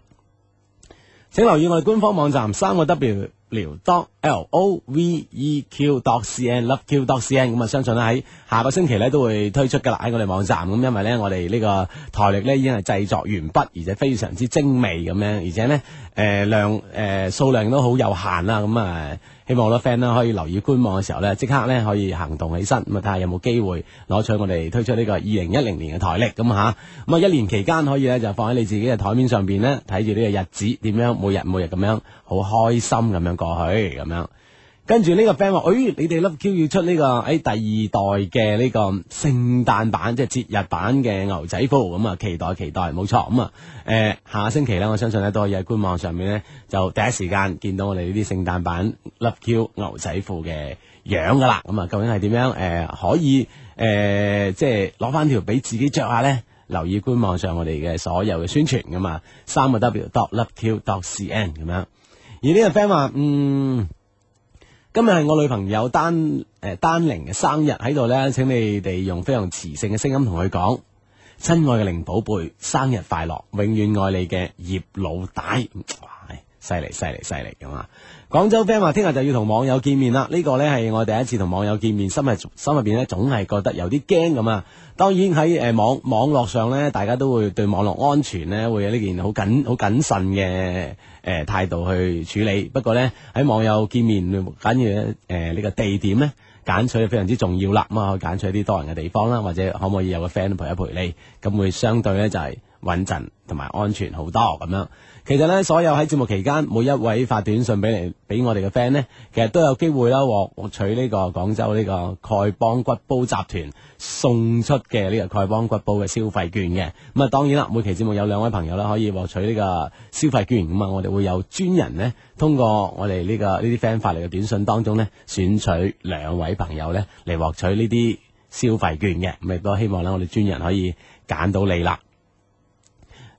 請留意我哋官方網站三個 W 遼 L O V E Q dot C N Love Q dot C N。咁啊，相信喺下個星期呢都會推出噶啦喺我哋網站咁，因為呢，我哋呢個台曆呢已經係製作完畢，而且非常之精美咁樣，而且呢。誒、呃，量誒數、呃、量都好有限啦，咁、嗯、啊，希望好多 friend 咧可以留意觀望嘅時候呢即刻呢可以行動起身，咁啊，睇下有冇機會攞取我哋推出呢個二零一零年嘅台曆，咁、嗯、吓，咁、嗯、啊，一年期間可以呢就放喺你自己嘅台面上邊呢睇住呢個日子點樣，樣，每日每日咁樣，好開心咁樣過去，咁樣。跟住呢個 friend 話：誒、哎，你哋 LoveQ 要出呢、這個誒、哎、第二代嘅呢個聖誕版，即係節日版嘅牛仔褲咁啊，期待期待，冇錯咁啊。誒、呃，下星期咧，我相信咧都可以喺官網上面咧就第一時間見到我哋呢啲聖誕版 LoveQ 牛仔褲嘅樣噶啦。咁啊，究竟係點樣誒、呃、可以誒、呃，即係攞翻條俾自己着下呢，留意官網上我哋嘅所有嘅宣傳噶嘛。三個 w dot LoveQ dot c n 咁樣。而呢個 friend 話：嗯。今日係我女朋友丹誒、丹玲嘅生日喺度呢，請你哋用非常磁性嘅聲音同佢講：親愛嘅玲寶貝，生日快樂！永遠愛你嘅葉老大，哇，犀利犀利犀利咁啊！廣州 friend 話：聽日就要同網友見面啦！呢個呢係我第一次同網友見面，心係心入邊呢總係覺得有啲驚咁啊！當然喺誒網網絡上呢，大家都會對網絡安全呢會有呢件好謹好謹慎嘅誒態度去處理。不過呢喺網友見面，緊要誒呢個地點呢揀取非常之重要啦。咁啊，揀取一啲多人嘅地方啦，或者可唔可以有個 friend 陪一陪你，咁會相對呢就係穩陣同埋安全好多咁樣。其實呢，所有喺節目期間，每一位發短信俾你俾我哋嘅 friend 其實都有機會啦，獲取呢、呢個廣州呢個丐幫骨煲集團送出嘅呢個丐幫骨煲嘅消費券嘅。咁啊，當然啦，每期節目有兩位朋友呢可以獲取呢個消費券。咁啊，我哋會有專人呢，通過我哋呢、呢個呢啲 friend 發嚟嘅短信當中呢，選取兩位朋友呢嚟獲取呢啲消費券嘅。咁亦都希望呢，我哋專人可以揀到你啦。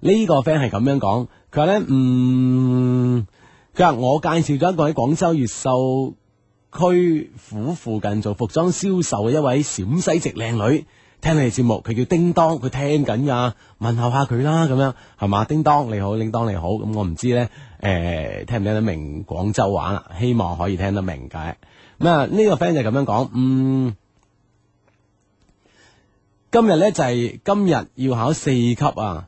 呢個 friend 係咁樣講。佢咧，嗯，佢話我介紹咗一個喺廣州越秀區府附近做服裝銷售嘅一位陝西籍靚女，聽你哋節目，佢叫叮當，佢聽緊噶，問候下佢啦，咁樣係嘛？叮當你好，叮當你好，咁我唔知咧，誒、呃，聽唔聽得明廣州話啦？希望可以聽得明㗎。咁啊，呢、這個 friend 就咁樣講，嗯，今日咧就係、是、今日要考四級啊！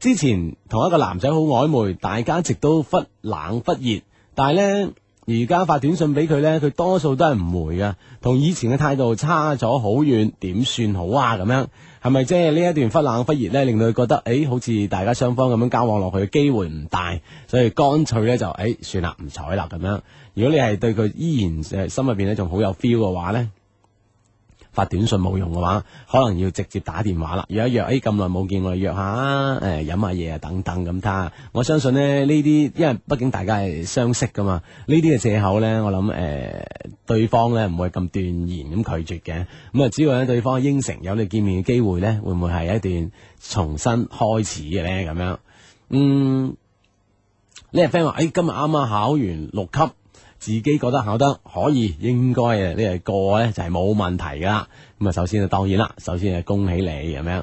之前同一個男仔好曖昧，大家一直都忽冷忽熱，但係呢，而家發短信俾佢呢，佢多數都係唔回㗎。同以前嘅態度差咗好遠，點算好啊？咁樣係咪即係呢一段忽冷忽熱呢，令到佢覺得誒、欸、好似大家雙方咁樣交往落去嘅機會唔大，所以乾脆呢就誒、欸、算啦，唔睬啦咁樣。如果你係對佢依然心入邊仲好有 feel 嘅話呢。發短信冇用嘅話，可能要直接打電話啦。約一約，哎、欸，咁耐冇見，我約下啊，誒、呃，飲下嘢啊，等等咁。睇下，我相信呢呢啲因為畢竟大家係相識噶嘛，呢啲嘅借口呢，我諗誒、呃，對方呢唔會咁斷言咁拒絕嘅。咁啊，只要呢對方應承有你見面嘅機會呢，會唔會係一段重新開始嘅呢？咁樣，嗯，呢個 friend 話，哎、欸，今日啱啱考完六級。自己覺得考得可以，應該啊呢個過呢，就係冇問題噶啦。咁啊，首先啊，當然啦，首先啊，恭喜你咁樣咁呢？呢、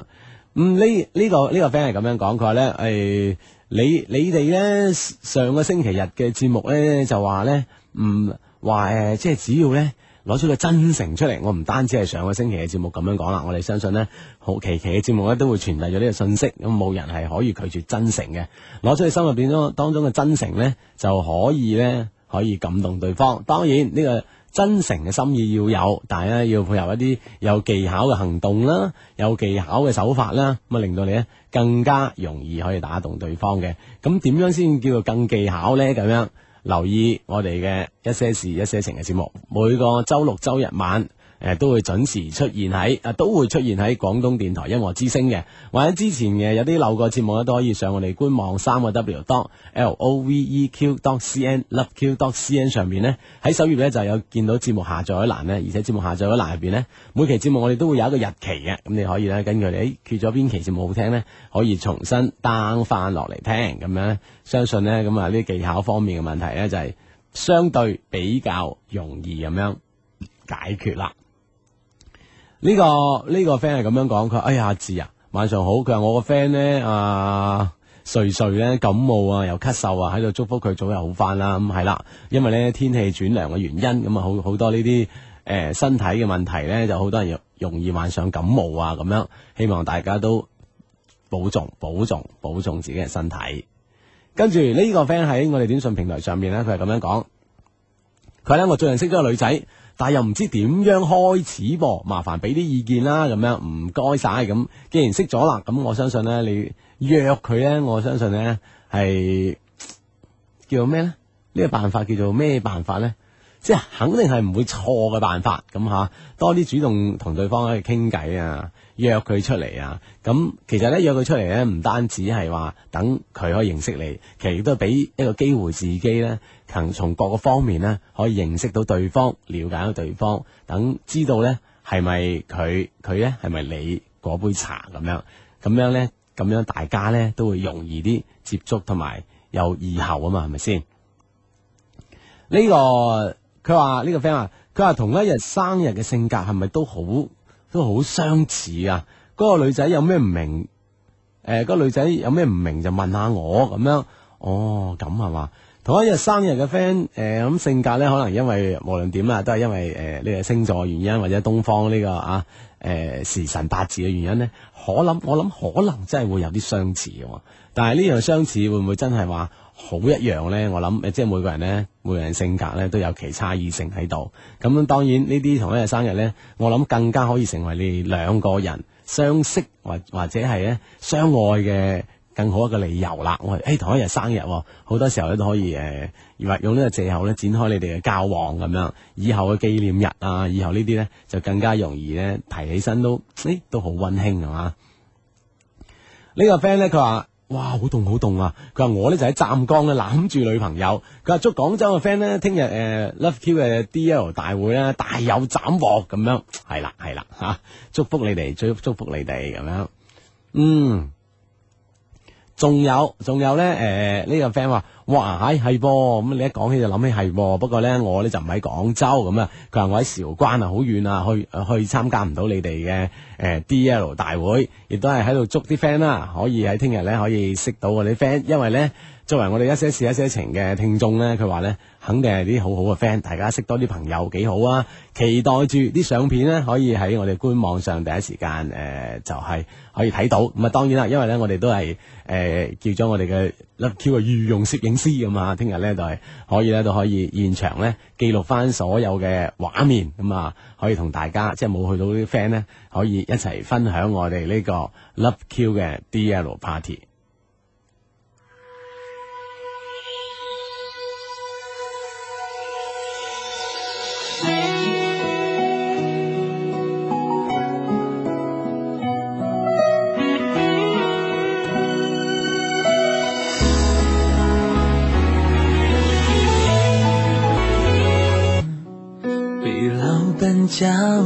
嗯這個呢、這個 friend 係咁樣講，佢話呢：哎「誒你你哋呢，上個星期日嘅節目呢就話呢，唔話誒，即係、呃、只要呢攞出個真誠出嚟，我唔單止係上個星期嘅節目咁樣講啦。我哋相信呢，好期期嘅節目呢都會傳遞咗呢個信息咁，冇人係可以拒絕真誠嘅攞出你心入邊中當中嘅真誠呢，就可以呢。可以感動對方，當然呢個真誠嘅心意要有，但係咧要配合一啲有技巧嘅行動啦，有技巧嘅手法啦，咁啊令到你咧更加容易可以打動對方嘅。咁點樣先叫做更技巧咧？咁樣留意我哋嘅一些事、一些情嘅節目，每個周六周日晚。誒，都會準時出現喺誒，都會出現喺廣東電台音樂之聲嘅，或者之前嘅有啲漏過節目咧，都可以上我哋官網三個 W dot L O V E Q dot C N loveq dot C N 上面呢，喺首頁呢就有見到節目下載欄呢，而且節目下載欄入邊呢，每期節目我哋都會有一個日期嘅，咁你可以呢跟佢哋，誒，缺咗邊期節目好聽呢可以重新 down 翻落嚟聽，咁樣相信呢，咁啊啲技巧方面嘅問題呢就係相對比較容易咁樣解決啦。呢個呢個 friend 係咁樣講，佢哎呀，阿志啊，晚上好。佢話我個 friend 呢，啊、呃，睡睡呢，感冒啊，又咳嗽啊，喺度祝福佢早日好翻啦。咁係啦，因為呢天氣轉涼嘅原因，咁啊好好多呢啲誒身體嘅問題呢，就好多人容易患上感冒啊咁樣。希望大家都保重，保重，保重自己嘅身體。跟住呢個 friend 喺我哋短信平台上面呢，佢係咁樣講，佢咧我最近識咗個女仔，但又唔知點樣開始噃、啊，麻煩俾啲意見啦，咁樣唔該晒。咁既然識咗啦，咁我相信呢，你約佢呢，我相信呢係叫做咩呢？呢、呢個辦法叫做咩辦法呢？即係肯定係唔會錯嘅辦法。咁嚇，多啲主動同對方去傾偈啊，約佢出嚟啊。咁其實呢，約佢出嚟呢，唔單止係話等佢可以認識你，其實都係俾一個機會自己呢。從各個方面呢可以認識到對方，了解到對方，等知道呢係咪佢佢呢係咪你嗰杯茶咁樣，咁樣呢，咁樣大家呢都會容易啲接觸，同埋有,有意厚啊嘛，係咪先？呢、這個佢話呢個 friend 啊佢話同一日生日嘅性格係咪都好都好相似啊？嗰、那個女仔有咩唔明？誒、呃，嗰、那個女仔有咩唔明就問下我咁樣。哦，咁係嘛？同一日生日嘅 friend，誒、呃、咁性格呢，可能因為無論點啊，都係因為誒呢、呃這個星座原因，或者東方呢、這個啊誒、呃、時辰八字嘅原因呢。可能我諗可能真係會有啲相似嘅。但係呢樣相似會唔會真係話好一樣呢？我諗即係每個人呢，每個人性格呢都有其差異性喺度。咁當然呢啲同一日生日呢，我諗更加可以成為你兩個人相識或或者係呢相愛嘅更好一個理由啦！我哋同一日生日，哦，好多時候咧都可以誒、呃，用個借呢個藉口咧展開你哋嘅交往咁樣。以後嘅紀念日啊，以後呢啲咧就更加容易咧提起身都，誒、哎、都好溫馨㗎嘛。這個、呢個 friend 咧佢話，哇，好凍好凍啊！佢話我咧就喺湛江咧攬住女朋友。佢話祝廣州嘅 friend 咧聽日誒、呃、Love Q 嘅 D L 大會咧大有斬獲咁樣。係啦係啦吓，祝福你哋，祝福你哋咁樣。嗯。仲有仲有呢誒呢、呃呢個 friend 話，哇係係噃，咁你一講起就諗起係噃。不過呢我咧就唔喺廣州咁啊，佢話我喺韶關啊，好遠啊，去去參加唔到你哋嘅誒、呃、DL 大會，亦都係喺度祝啲 friend 啦，可以喺聽日呢可以識到我哋啲 friend，因為呢作為我哋一些事一些情嘅聽眾呢佢話呢肯定係啲好好嘅 friend，大家識多啲朋友幾好啊！期待住啲相片咧，可以喺我哋官網上第一時間，誒，就係可以睇到。咁啊，當然啦，因為咧，我哋都係誒叫咗我哋嘅 Love Q 嘅御用攝影師咁啊，聽日咧，就係可以咧都可以現場咧記錄翻所有嘅畫面，咁啊，可以同大家即係冇去到啲 friend 咧，可以一齊分享我哋呢個 Love Q 嘅 DL party。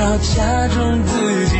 要假裝自己。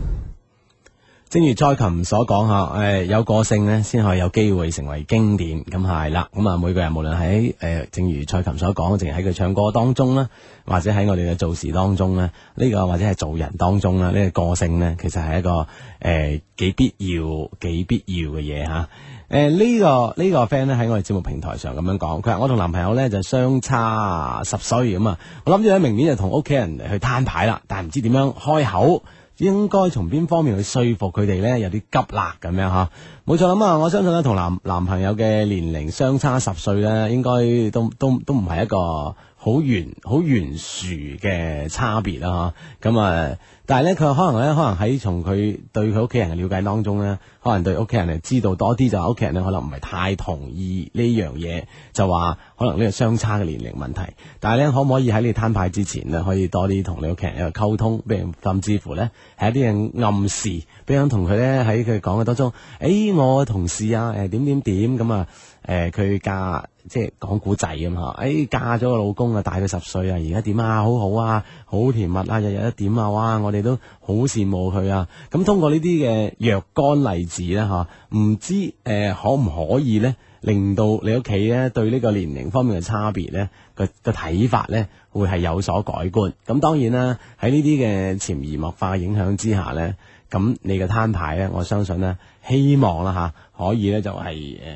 正如蔡琴所講吓，誒、呃、有個性呢先可以有機會成為經典。咁係啦，咁啊、嗯、每個人無論喺誒、呃，正如蔡琴所講，淨係喺佢唱歌當中啦，或者喺我哋嘅做事當中呢呢、呢個或者係做人當中啦，呢、呢個個性呢，其實係一個誒幾、呃、必要幾必要嘅嘢吓。誒、啊呃呢個呢個、呢個呢個 friend 喺我哋節目平台上咁樣講，佢話我同男朋友呢，就相差十歲咁啊，我諗住喺明年就同屋企人去攤牌啦，但係唔知點樣開口。應該從邊方面去說服佢哋呢？有啲急辣咁樣吓，冇、啊、錯啦嘛！我相信呢，同男男朋友嘅年齡相差十歲呢，應該都都都唔係一個好懸好懸殊嘅差別啦，吓咁啊！嗯啊但係咧，佢可能咧，可能喺從佢對佢屋企人嘅了解當中咧，可能對屋企人係知道多啲，就屋企人咧可能唔係太同意呢樣嘢，就話可能呢個相差嘅年齡問題。但係咧，可唔可以喺你攤牌之前呢，可以多啲同你屋企人喺度溝通，譬如甚至乎咧係一啲人暗示，比如同佢咧喺佢講嘅當中，誒、欸、我同事啊，點點點咁啊，佢、呃、嫁。即係講古仔咁吓，誒、哎、嫁咗個老公啊，大佢十歲啊，而家點啊，好好啊，好甜蜜啊，日日一點啊，哇！我哋都好羨慕佢啊。咁通過呢啲嘅若干例子咧，吓、啊、唔知誒、呃、可唔可以咧，令到你屋企咧對呢個年齡方面嘅差別咧個個睇法咧會係有所改觀。咁當然啦，喺呢啲嘅潛移默化嘅影響之下咧，咁你嘅攤牌咧，我相信咧，希望啦吓、啊、可以咧就係、是、誒。呃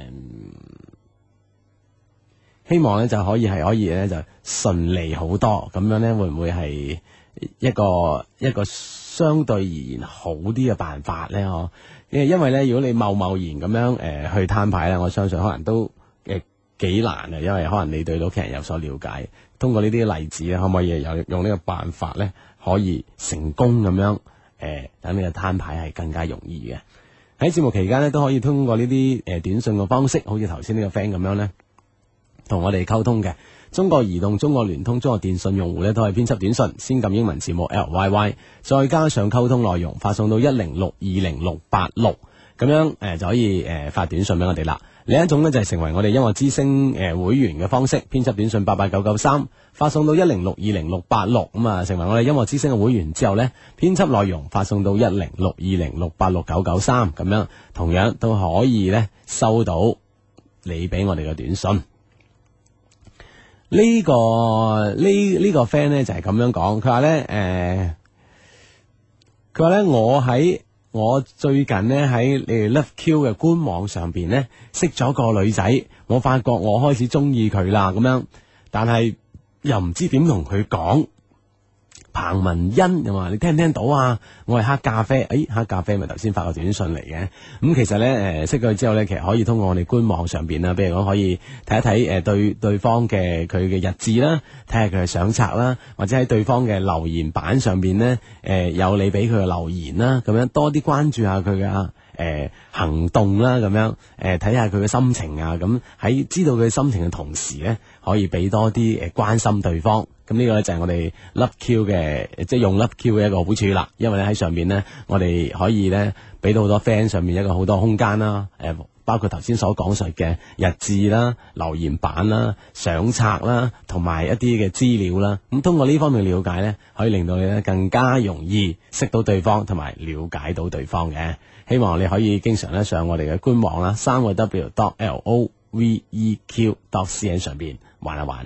希望咧就可以係可以咧就順利好多，咁樣呢，會唔會係一個一個相對而言好啲嘅辦法呢？嗬，因為呢，咧，如果你貿貿然咁樣去攤牌咧，我相信可能都幾難嘅，因為可能你對到屋企人有所了解。通過呢啲例子咧，可唔可以有用呢個辦法咧，可以成功咁樣等你嘅攤牌係更加容易嘅。喺節目期間呢，都可以通過呢啲短信嘅方式，好似頭先呢個 friend 咁樣咧。同我哋溝通嘅中國移動、中國聯通、中國電信用戶呢，都係編輯短信先，撳英文字母 L Y Y，再加上溝通內容，發送到一零六二零六八六咁樣，誒、呃、就可以誒、呃、發短信俾我哋啦。另一種呢就係、是、成為我哋音樂之聲誒、呃、會員嘅方式，編輯短信八八九九三，發送到一零六二零六八六咁啊，成為我哋音樂之聲嘅會員之後呢，編輯內容發送到一零六二零六八六九九三咁樣，同樣都可以呢收到你俾我哋嘅短信。呢個呢呢個 friend 咧就係咁樣講，佢話咧誒，佢話咧我喺我最近咧喺你哋 LoveQ 嘅官網上邊咧識咗個女仔，我發覺我開始中意佢啦咁樣，但係又唔知點同佢講。彭文欣又話：你聽唔聽到啊？我係黑咖啡，誒、哎、黑咖啡咪頭先發個短信嚟嘅。咁其實呢，誒識佢之後呢，其實可以通過我哋官網上邊啦，譬如講可以睇一睇誒對對方嘅佢嘅日誌啦，睇下佢嘅相冊啦，或者喺對方嘅留言板上邊呢，誒、呃、有你俾佢嘅留言啦，咁樣多啲關注下佢嘅啊。誒、呃，行動啦，咁樣誒，睇下佢嘅心情啊。咁喺知道佢心情嘅同時呢，可以俾多啲誒、呃、關心對方。咁呢個呢，就係、是、我哋 Love Q 嘅，即係用 Love Q 嘅一個好處啦。因為呢，喺上面呢，我哋可以呢，俾到好多 friend 上面一個好多空間啦。誒、呃，包括頭先所講述嘅日誌啦、留言板啦、相冊啦，同埋一啲嘅資料啦。咁通過呢方面了解呢，可以令到你呢更加容易識到對方，同埋了解到對方嘅。希望你可以經常咧上我哋嘅官網啦，三個 w dot l o v e q dot c n 上邊玩一玩。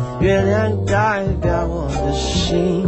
月亮代表我的心。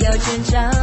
要堅強。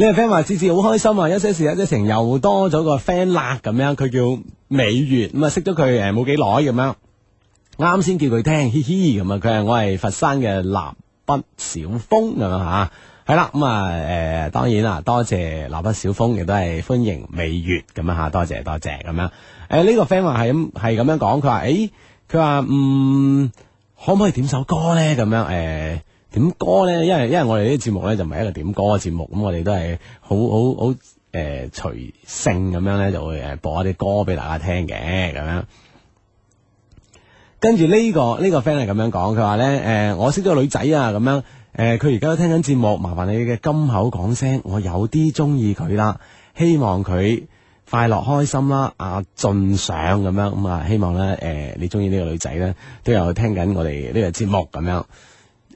呢、這個 friend 話次次好開心啊！一些事一些情又多咗個 friend 啦，咁樣佢叫美月咁啊，識咗佢誒冇幾耐咁樣。啱先叫佢聽，嘻嘻咁啊！佢係我係佛山嘅蠟筆小峰咁樣吓，係啦咁啊誒，當然啦，多謝蠟筆小峰亦都係歡迎美月咁樣吓，多謝多謝咁樣。誒、這、呢個 friend 話係咁係咁樣講，佢話誒，佢話嗯，可唔可以點首歌咧？咁樣誒。呃點歌呢？因為因為我哋呢啲節目呢，就唔係一個點歌嘅節目，咁我哋都係好好好誒，隨、呃、性咁樣呢，就會誒播一啲歌俾大家聽嘅咁樣。跟住呢、呢個呢、呢個 friend 係咁樣講，佢話呢：呃「誒，我識咗個女仔啊，咁樣誒，佢而家都聽緊節目，麻煩你嘅金口講聲，我有啲中意佢啦，希望佢快樂開心啦，啊盡想咁樣，咁啊希望呢誒、呃，你中意呢個女仔呢，都有聽緊我哋呢個節目咁樣。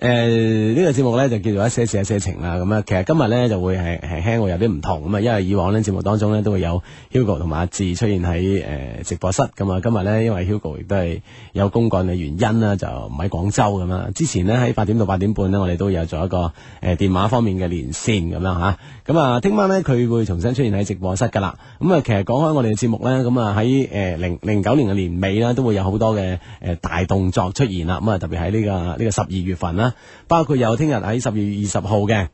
誒、呃，呢、這個節目呢，就叫做一些事一些情啦，咁、嗯、啊，其實今日呢，就會係係輕，輕會有啲唔同咁啊、嗯，因為以往呢，節目當中呢，都會有 Hugo 同埋阿志出現喺誒、呃、直播室咁啊、嗯，今日呢，因為 Hugo 亦都係有公幹嘅原因啦，就唔喺廣州咁啊、嗯。之前呢，喺八點到八點半呢，我哋都有做一個誒、呃、電話方面嘅連線咁啦吓，咁啊聽晚呢，佢會重新出現喺直播室噶啦。咁、嗯、啊，其實講開我哋嘅節目呢，咁啊喺誒零零九年嘅年尾呢，都會有好多嘅誒、呃、大動作出現啦，咁、嗯、啊特別喺呢、這個呢、這個十二月份啦。包括有聽日喺十二月二十號嘅，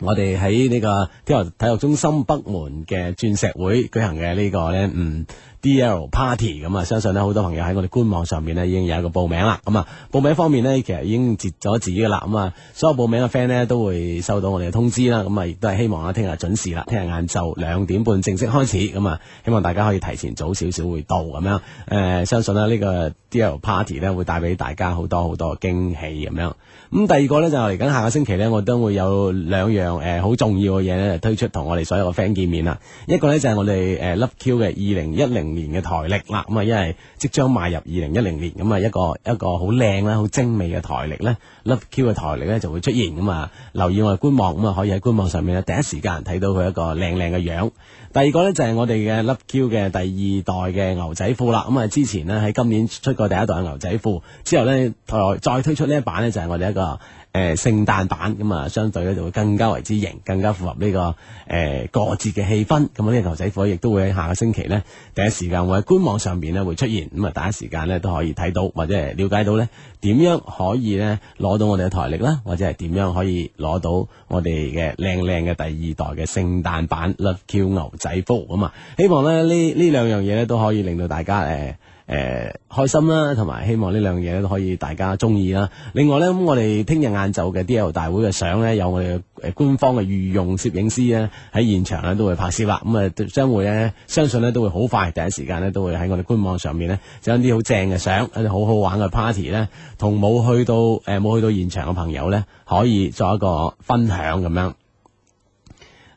我哋喺呢個天河體育中心北門嘅鑽石會舉行嘅呢、這個咧，嗯。D L party 咁啊，相信咧好多朋友喺我哋官網上面咧已經有一個報名啦。咁啊，報名方面呢，其實已經截咗止嘅啦。咁啊，所有報名嘅 friend 咧都會收到我哋嘅通知啦。咁啊，亦都係希望啊，聽日準時啦。聽日晏晝兩點半正式開始。咁啊，希望大家可以提前早少少會到咁樣。誒，相信咧呢個 D L party 咧會帶俾大家好多好多驚喜咁樣。咁、嗯、第二個呢，就嚟、是、緊下個星期呢，我都會有兩樣誒好、呃、重要嘅嘢呢，推出，同我哋所有嘅 friend 見面啦。一個呢，就係、是、我哋誒、呃、Love Q 嘅二零一零年嘅台曆啦。咁、嗯、啊，因為即將邁入二零一零年，咁、嗯、啊一個一個好靚啦、好精美嘅台曆呢。Love Q 嘅台曆，呢就會出現。咁啊！留意我哋官網咁啊，可以喺官網上面呢，第一時間睇到佢一個靚靚嘅樣。第二個呢，就係我哋嘅 Love Q 嘅第二代嘅牛仔褲啦。咁啊，之前呢，喺今年出過第一代嘅牛仔褲，之後呢，再再推出呢一版呢，就係我哋一個。誒、呃，聖誕版咁啊，相對呢就會更加為之型，更加符合呢、這個誒過節嘅氣氛。咁、嗯、啊，呢個牛仔褲亦都會喺下個星期呢，第一時間會喺官網上邊呢會出現。咁、嗯、啊，第一時間呢都可以睇到或者係了解到呢點樣可以呢攞到我哋嘅台曆啦，或者係點樣可以攞到我哋嘅靚靚嘅第二代嘅聖誕版 Love Kill 牛仔褲。咁、嗯、啊，希望呢兩呢兩樣嘢呢都可以令到大家誒～、呃誒、呃，開心啦，同埋希望呢兩嘢都可以大家中意啦。另外呢，咁我哋聽日晏晝嘅 DL 大會嘅相呢，有我哋誒官方嘅御用攝影師呢，喺現場呢都會拍攝啦。咁啊，將會呢，相信呢，都會好快第一時間呢，都會喺我哋官網上面咧，將啲好正嘅相，啲好好玩嘅 party 呢，同冇去到誒冇、呃、去到現場嘅朋友呢，可以做一個分享咁樣。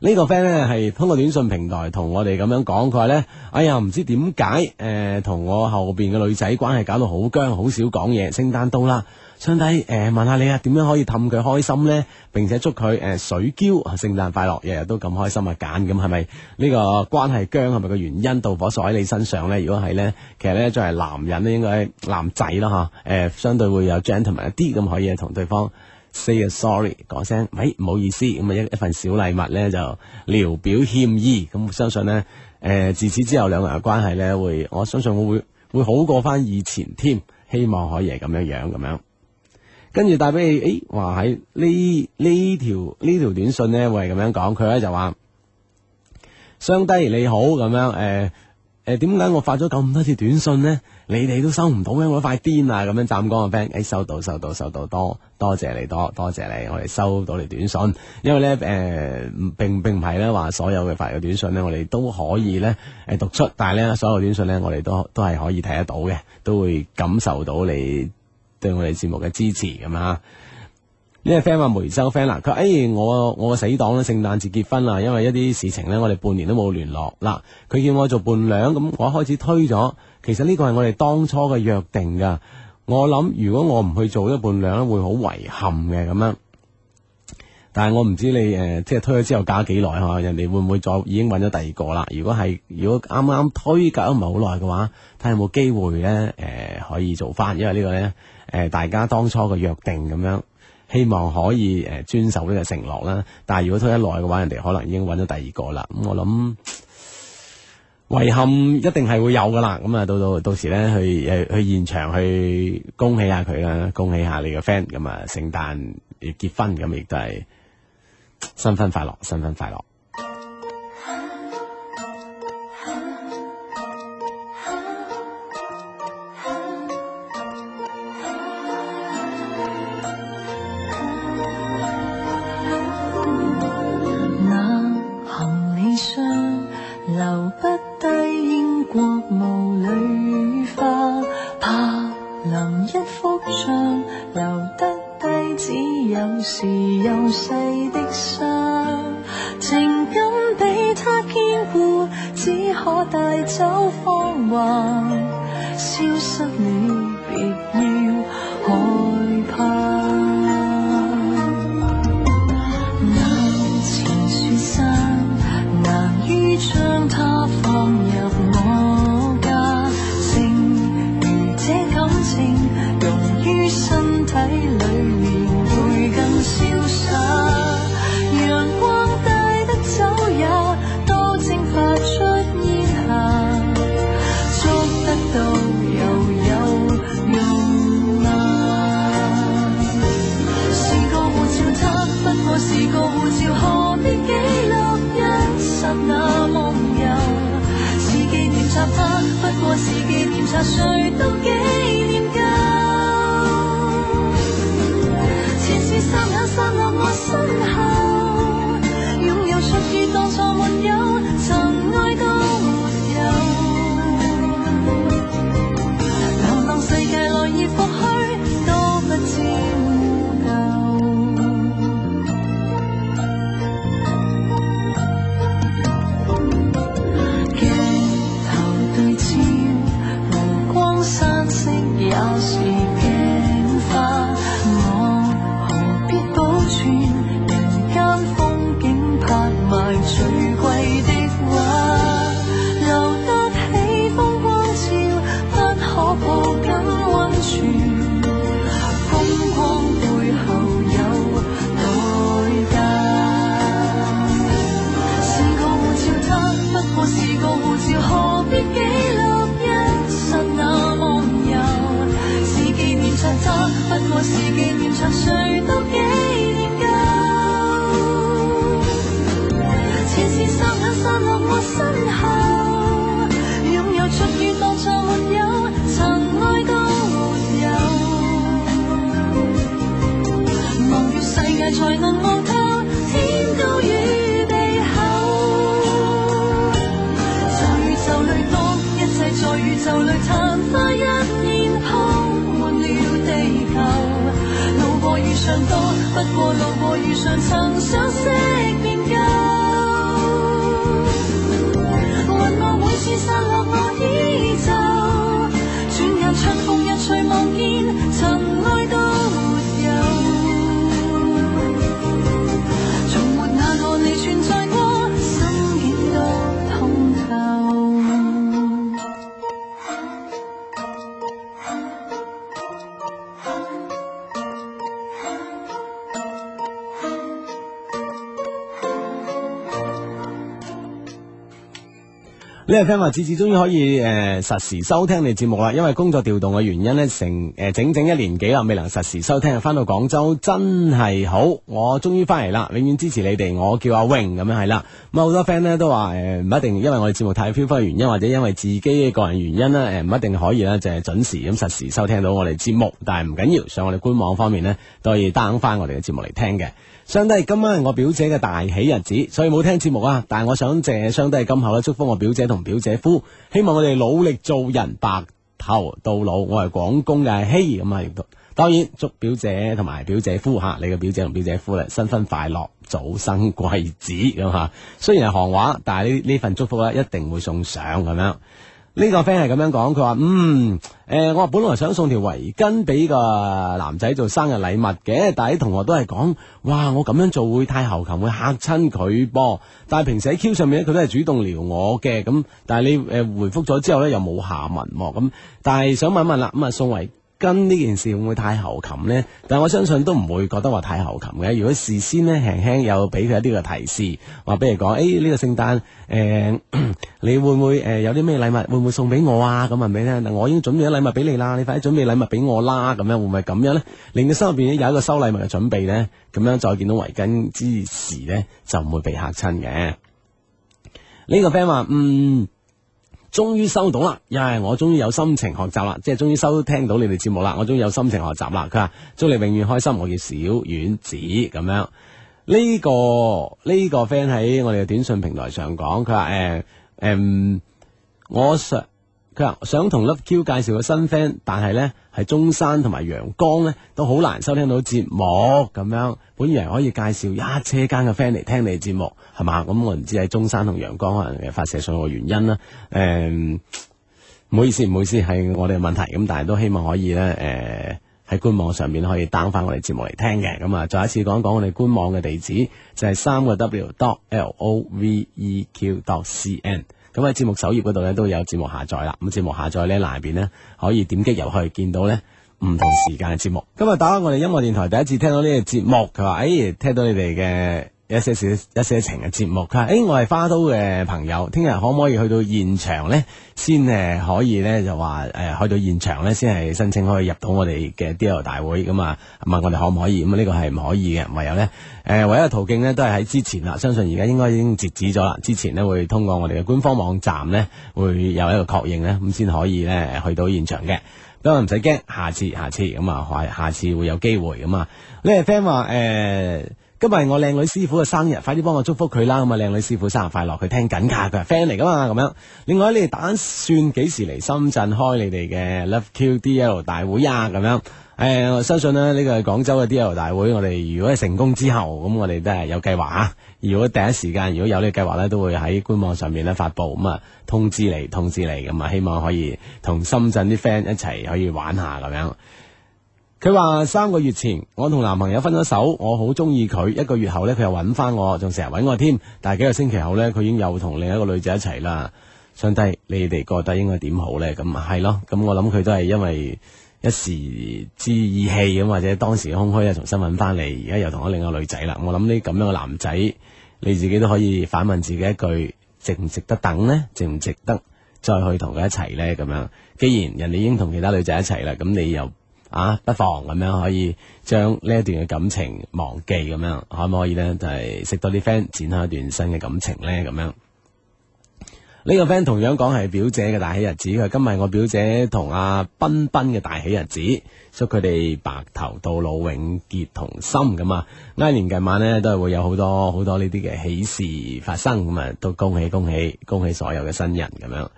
呢個 friend 咧係通過短信平台同我哋咁樣講，佢話咧：哎呀，唔知點解誒同我後邊嘅女仔關係搞到好僵，好少講嘢。聖誕到啦，想睇誒問下你啊，點樣可以氹佢開心咧？並且祝佢誒水嬌，聖誕快樂，日日都咁開心啊！揀咁係咪呢個關係僵係咪個原因？導火索喺你身上咧？如果係咧，其實咧作為男人咧，應該男仔咯嚇誒，相對會有 gentleman 一啲咁可以同對方。Say a sorry，講聲，喂、哎，唔好意思，咁啊一一份小禮物呢，就聊表歉意，咁相信呢，誒、呃，自此之後兩人嘅關係呢，會，我相信我會會好過翻以前添，希望可以係咁樣樣咁樣，跟住帶俾你，誒、哎，話喺呢呢條呢條短信呢會係咁樣講，佢咧就話，雙低你好，咁樣，誒誒，點解我發咗咁多條短信呢？你哋都收唔到咩？我塊癲啊！咁樣湛江個 friend，收到收到收到，多多謝你，多多謝你，我哋收到你短信。因為呢，誒、呃、並並唔係呢話所有嘅發嘅短信呢，我哋都可以呢讀出，但係呢，所有短信呢，我哋都都係可以睇得到嘅，都會感受到你對我哋節目嘅支持咁啊！呢、這個 friend 話梅州 friend 啦，佢誒、哎、我我個死黨喇，聖誕節結婚啦，因為一啲事情呢，我哋半年都冇聯絡啦。佢叫我做伴娘，咁我一開始推咗。其實呢個係我哋當初嘅約定噶，我諗如果我唔去做一伴娘咧，會好遺憾嘅咁樣。但係我唔知你誒，即、呃、係推咗之後隔幾幾耐吓，人哋會唔會再已經揾咗第二個啦？如果係如果啱啱推隔唔係好耐嘅話，睇下有冇機會呢？誒、呃，可以做翻，因為呢個呢，誒、呃，大家當初嘅約定咁樣，希望可以誒遵、呃、守呢個承諾啦。但係如果推得耐嘅話，人哋可能已經揾咗第二個啦。咁、嗯、我諗。遺憾一定係會有噶啦，咁啊到到到時咧去誒去現場去恭喜下佢啦，恭喜下你個 friend，咁啊聖誕要結婚，咁亦都係新婚快樂，新婚快樂。呢個 friend 話子子終於可以誒、呃、實時收聽你節目啦，因為工作調動嘅原因呢成誒、呃、整整一年幾啦，未能實時收聽，翻到廣州真係好，我終於翻嚟啦，永遠支持你哋，我叫阿 Wing 咁樣係啦。咁、嗯、好、嗯、多 friend 都話誒唔一定，因為我哋節目太飄忽嘅原因，或者因為自己嘅個人原因啦，誒、呃、唔一定可以啦，就、呃、係準時咁實時收聽到我哋節目，但係唔緊要，上我哋官網方面呢都可以 down 翻我哋嘅節目嚟聽嘅。相當今晚係我表姐嘅大喜日子，所以冇聽節目啊，但係我想借相當今後祝福我表姐同和表姐夫，希望我哋努力做人，白頭到老。我係廣東嘅，嘿咁啊！當然祝表姐同埋表姐夫吓，你嘅表姐同表姐夫咧，新婚快樂，早生貴子咁吓。雖然係行話，但係呢呢份祝福咧，一定會送上咁樣。呢、這個 friend 係咁樣講，佢話嗯，誒、呃，我話本來想送條圍巾俾個男仔做生日禮物嘅，但係啲同學都係講，哇，我咁樣做會太猴擒，會嚇親佢噃。但係平時喺 Q 上面咧，佢都係主動撩我嘅，咁但係你誒、呃、回復咗之後咧，又冇下文喎，咁但係想問一問啦，咁啊，送圍。跟呢件事會唔會太猴擒呢？但係我相信都唔會覺得話太猴擒嘅。如果事先呢，輕輕有俾佢一啲嘅提示，話比如講，誒、哎、呢、呢個聖誕，誒、呃、你會唔會誒、呃、有啲咩禮物會唔會送俾我啊？咁話俾你聽，我已經準備咗禮物俾你啦，你快啲準備禮物俾我啦，咁樣會唔會咁樣呢？令佢心入邊有一個收禮物嘅準備呢？咁樣再見到圍巾之時呢，就唔會被嚇親嘅。呢、呢個 friend 話，嗯。終於收到啦，又係我終於有心情學習啦，即係終於收聽到你哋節目啦，我終於有心情學習啦。佢話祝你永遠開心，我叫小丸子咁樣。呢個呢個 friend 喺我哋嘅短信平台上講，佢話誒誒，我想。佢話想同 Love Q 介紹個新 friend，但係呢，喺中山同埋陽江呢，都好難收聽到節目咁、yeah. 樣。本以為可以介紹一車間嘅 friend 嚟聽你節目係嘛，咁、嗯、我唔知喺中山同陽江可能發射信號原因啦。誒、呃、唔好意思，唔好意思係我哋嘅問題。咁但係都希望可以呢，喺、呃、官網上面可以 down 翻我哋節目嚟聽嘅。咁、嗯、啊，再一次講講講我哋官網嘅地址就係、是、三個 W dot loveq dot cn。咁喺節目首頁嗰度咧都有節目下載啦。咁節目下載呢，一欄入邊呢，可以點擊入去，見到呢唔同時間嘅節目。今日打開我哋音樂電台，第一次聽到呢個節目，佢話：哎，聽到你哋嘅。一些事一些情嘅節目，佢、哎、我係花都嘅朋友，聽日可唔可以去到現場呢？先可以呢，就話、呃、去到現場呢，先係申請可以入到我哋嘅 dl 大會咁啊、嗯？問我哋可唔可以？咁、嗯、啊，呢、這個係唔可以嘅，唯有呢，呃、唯一嘅途徑呢，都係喺之前啦。相信而家應該已經截止咗啦。之前呢，會通過我哋嘅官方網站呢，會有一個確認呢，咁先可以呢，去到現場嘅。不過唔使驚，下次、下次咁啊、嗯，下次會有機會咁啊。呢個 fan 話誒今日我靚女師傅嘅生日，快啲幫我祝福佢啦！咁啊，靚女師傅生日快樂！佢聽緊噶，佢係 friend 嚟噶嘛？咁樣。另外，你哋打算幾時嚟深圳開你哋嘅 Love Q D L 大會啊？咁樣。誒，我相信呢呢個係廣州嘅 D L 大會。我哋如果係成功之後，咁我哋都係有計劃。如果第一時間如果有呢個計劃呢都會喺官網上面呢發布，咁啊通知你，通知你咁啊，希望可以同深圳啲 friend 一齊可以玩一下咁樣。佢話三個月前我同男朋友分咗手，我好中意佢。一個月後呢，佢又揾翻我，仲成日揾我添。但係幾個星期後呢，佢已經又同另一個女仔一齊啦。上帝，你哋覺得應該點好呢？咁係咯。咁我諗佢都係因為一時之意氣咁，或者當時空虛啊，重新揾翻你。而家又同咗另一個女仔啦。我諗呢咁樣嘅男仔，你自己都可以反問自己一句：值唔值得等呢？值唔值得再去同佢一齊呢？咁樣既然人哋已經同其他女仔一齊啦，咁你又？啊，不妨咁樣可以將呢一段嘅感情忘記咁樣，可唔可以呢？就係、是、識多啲 friend，展開一段新嘅感情呢。咁樣呢、這個 friend 同樣講係表姐嘅大喜日子，佢今日我表姐同阿彬彬嘅大喜日子，祝佢哋白頭到老，永結同心。咁啊，挨年近晚呢，都係會有好多好多呢啲嘅喜事發生，咁啊都恭喜恭喜恭喜所有嘅新人咁樣。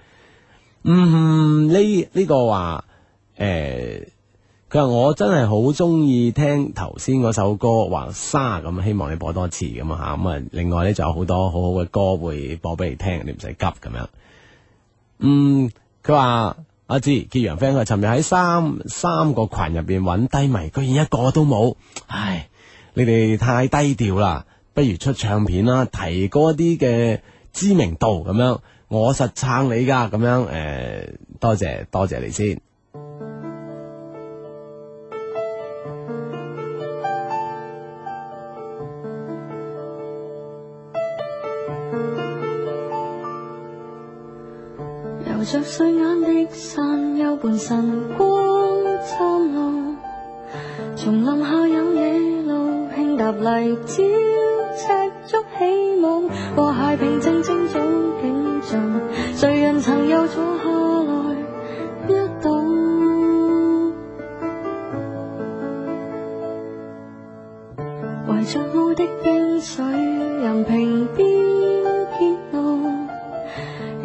嗯，呢呢、這個話誒。呃佢話我真係好中意聽頭先嗰首歌《話沙》咁，希望你播多次咁啊吓。咁啊，另外呢，就有好多好好嘅歌會播俾你聽，你唔使急咁樣。嗯，佢話阿志揭陽 friend 佢尋日喺三三個群入邊揾低迷，居然一個都冇。唉，你哋太低調啦，不如出唱片啦，提高一啲嘅知名度咁樣。我實撐你噶咁樣。誒、呃，多謝多謝你先。攜著睡眼的山丘，伴晨光燦爛。叢林下有野路，輕踏泥沼，赤足起舞，和諧平靜，清早景象。誰人曾又坐下來一睹？懷着好的冰水，任憑邊。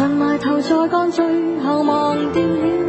常埋頭在幹，最後忘掉了。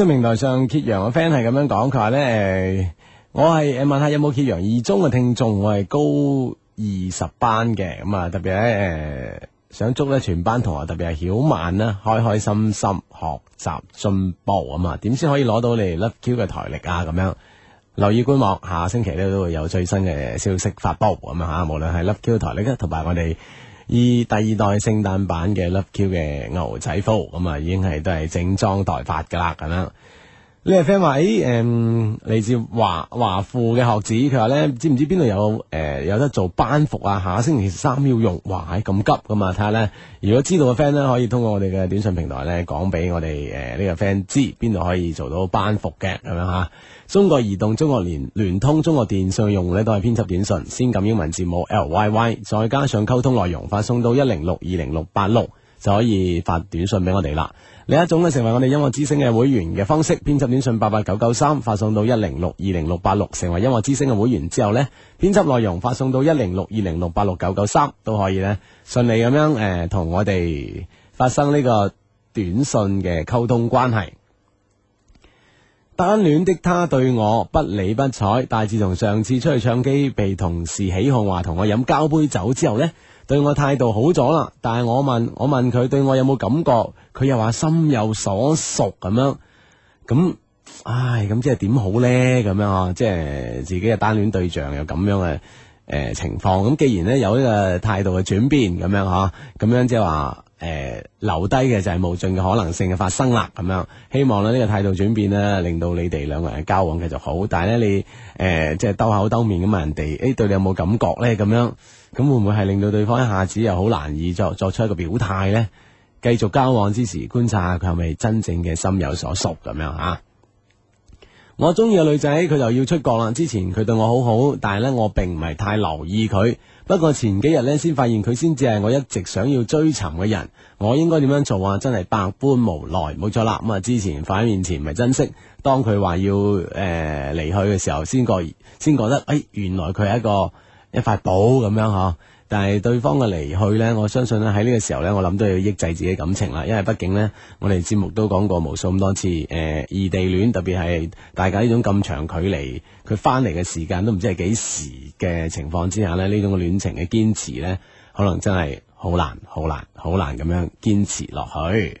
在名檯上揭陽嘅 friend 係咁樣講，佢話咧，我係誒問下有冇揭陽二中嘅聽眾，我係高二十班嘅咁啊。特別咧、呃、想祝咧全班同學，特別係曉曼啦，開開心心學習進步啊嘛。點、嗯、先可以攞到你 love Q 嘅台曆啊？咁樣留意官網，下星期呢都會有最新嘅消息發布咁啊。吓、嗯，無論係 love Q 台曆啊，同埋我哋。以第二代聖誕版嘅 Love Q 嘅牛仔褲，咁啊已經係都係整裝待發噶啦，咁樣。呢個 friend 話：誒、哎，誒、嗯，嚟自華華富嘅學子，佢話呢，知唔知邊度有誒、呃、有得做班服啊？下星期三要用，哇，係、欸、咁急噶嘛？睇下呢，如果知道嘅 friend 呢可以通過我哋嘅短信平台呢講俾我哋，誒呢個 friend 知邊度可以做到班服嘅咁樣吓。中國移動、中國聯聯通、中國電信嘅用戶呢，都係編輯短信，先撳英文字母 L Y Y，再加上溝通內容，發送到一零六二零六八六就可以發短信俾我哋啦。另一種咧，成為我哋音樂之聲嘅會員嘅方式，編輯短信八八九九三，發送到一零六二零六八六，成為音樂之聲嘅會員之後呢，編輯內容發送到一零六二零六八六九九三都可以呢，順利咁樣誒，同、呃、我哋發生呢個短信嘅溝通關係。單戀的他對我不理不睬，但係自從上次出去唱機被同事起哄話同我飲交杯酒之後呢，對我態度好咗啦，但係我問我問佢對我有冇感覺，佢又話心有所屬咁樣，咁唉咁即係點好呢？咁樣啊，即係自己嘅單戀對象又咁樣嘅誒、呃、情況，咁既然呢有呢個態度嘅轉變咁樣嗬，咁樣即係話誒留低嘅就係無盡嘅可能性嘅發生啦，咁樣希望呢、呢個態度轉變呢，令到你哋兩個人嘅交往繼續好，但係呢，你誒、呃、即係兜口兜面咁問人哋誒對你有冇感覺呢？咁樣。咁會唔會係令到對方一下子又好難以作作出一個表態呢？繼續交往之時，觀察下佢係咪真正嘅心有所屬咁樣吓。我中意嘅女仔，佢就要出國啦。之前佢對我好好，但係呢，我並唔係太留意佢。不過前幾日呢，先發現佢先至係我一直想要追尋嘅人。我應該點樣做啊？真係百般無奈。冇錯啦，咁啊，之前放喺面前唔係珍惜。當佢話要誒、呃、離去嘅時候，先覺先覺得誒、哎，原來佢係一個。一塊寶咁樣嗬，但係對方嘅離去呢，我相信呢喺呢個時候呢，我諗都要抑制自己感情啦。因為畢竟呢，我哋節目都講過無數咁多次，誒、呃，異地戀特別係大家呢種咁長距離，佢翻嚟嘅時間都唔知係幾時嘅情況之下呢，呢種戀情嘅堅持呢，可能真係好難、好難、好難咁樣堅持落去。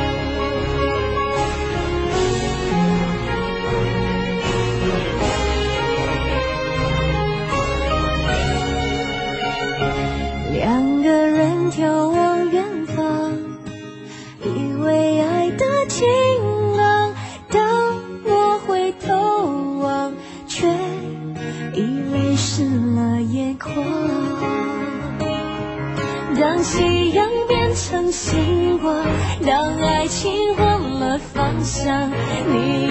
當愛情換了方向，你。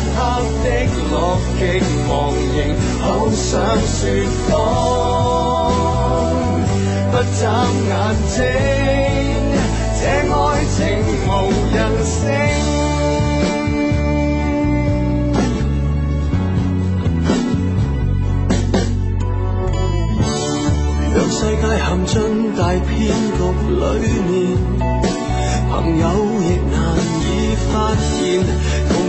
的樂極忘形，好想說謊，不眨眼睛。這愛情無人性，讓世界陷進大騙局裡面，朋友亦難以發現。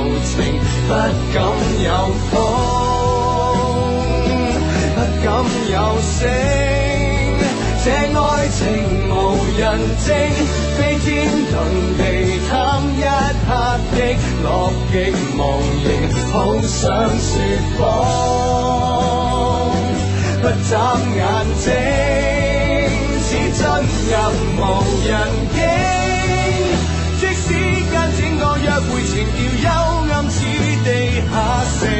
無情，不敢有風，不敢有聲。這愛情無人證，飛天遁地貪一刻的樂極忘形，好想說謊，不眨眼睛，似進入無人境。一會情調幽暗似地下城，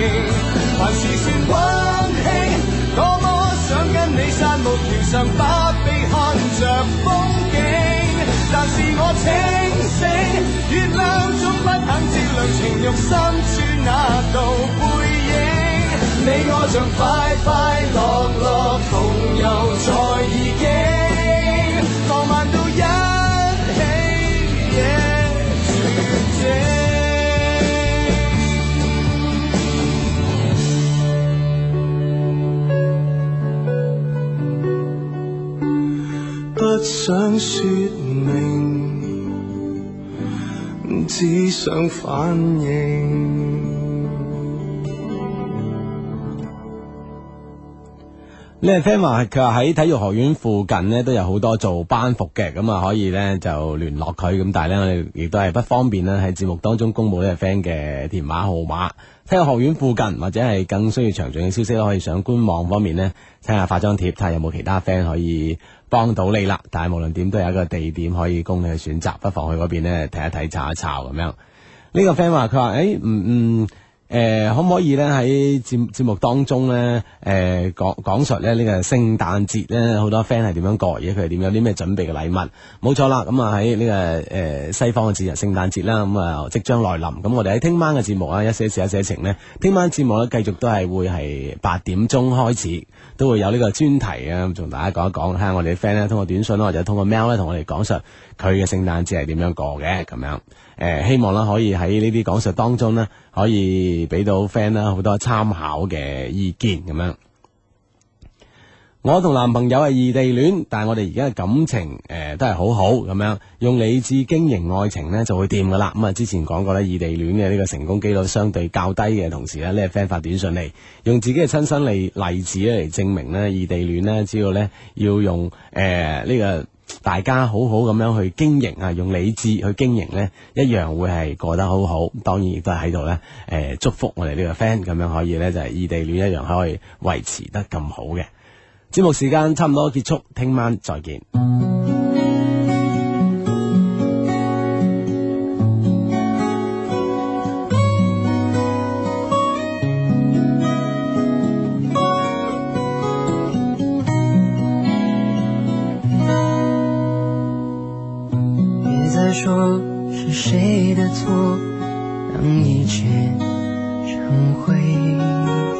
還是算溫馨。多麼想跟你散步橋上，不必看着風景。但是我清醒，月亮總不肯照亮情欲深處那道背影。你我像快快樂樂同遊在耳境。想說明，只想反應。呢個 friend 話佢話喺體育學院附近咧都有好多做班服嘅，咁啊，可以呢就聯絡佢咁。但係呢，我哋亦都係不方便呢喺節目當中公布呢個 friend 嘅電話號碼。體育學院附近或者係更需要詳盡嘅消息咧，可以上官網方面呢，睇下發張帖，睇下有冇其他 friend 可以。幫到你啦，但係無論點都有一個地點可以供你去選擇，不妨去嗰邊呢，睇一睇、查一查咁樣。呢個 friend 話佢話，誒，唔、欸、唔，誒、嗯嗯呃，可唔可以呢？喺節節目當中呢，誒、呃，講講述咧呢個聖誕節呢，好多 friend 係點樣過嘢，佢哋點樣有啲咩準備嘅禮物？冇錯啦，咁啊喺呢個誒、呃、西方嘅節日聖誕節啦，咁啊即將來臨，咁我哋喺聽晚嘅節目啊，一些事一些情呢，聽晚節目呢，繼續都係會係八點鐘開始。都會有呢個專題啊，同大家講一講，睇下我哋啲 friend 咧通過短信啦或者通過 mail 咧同我哋講述佢嘅聖誕節係點樣過嘅咁樣，誒、呃、希望啦可以喺呢啲講述當中咧，可以俾到 friend 啦好多參考嘅意見，咁樣。我同男朋友係異地戀，但係我哋而家嘅感情誒、呃、都係好好咁樣用理智經營愛情呢，就會掂㗎喇。咁、嗯、啊，之前講過咧，異地戀嘅呢個成功幾率相對較低嘅。同時呢，呢、這個 friend 發短信嚟用自己嘅親身例例子嚟證明呢異地戀呢，只要呢要用誒呢、呃這個大家好好咁樣去經營啊，用理智去經營呢一樣會係過得好好。當然亦都係喺度呢誒、呃、祝福我哋呢個 friend 咁樣可以呢，就係、是、異地戀一樣可以維持得咁好嘅。節目時間差唔多結束，聽晚再見。別再說是誰的錯，讓一切成灰。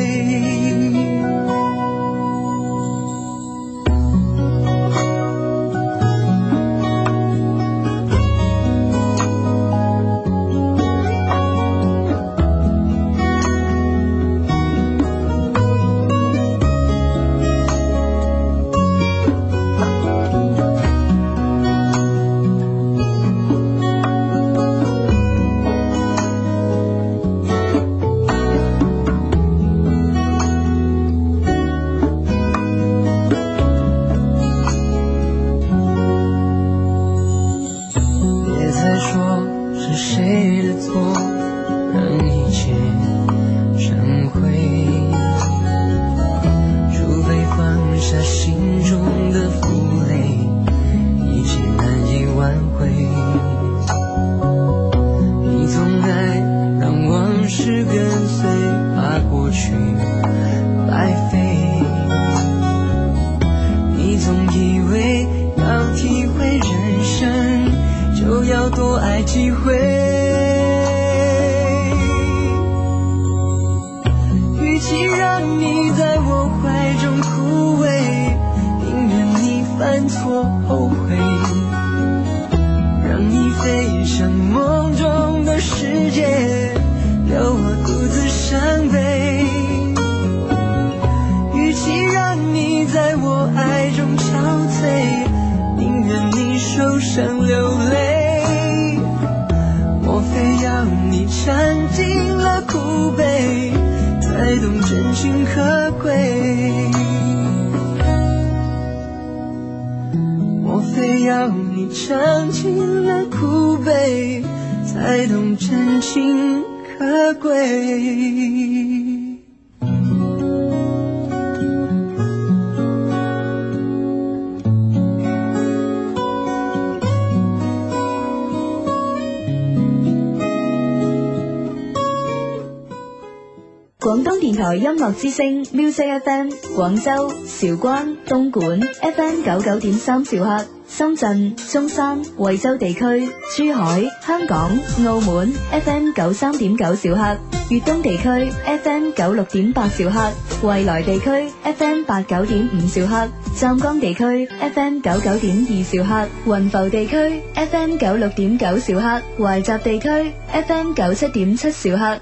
之星 music FM 廣州、韶關、東莞 FM 九九點三兆赫，深圳、中山、惠州地區珠海、香港、澳門 FM 九三點九兆赫，粵東地區 FM 九六點八兆赫，惠來地區 FM 八九點五兆赫，湛江地區 FM 九九點二兆赫，雲浮地區 FM 九六點九兆赫，懷集地區 FM 九七點七兆赫。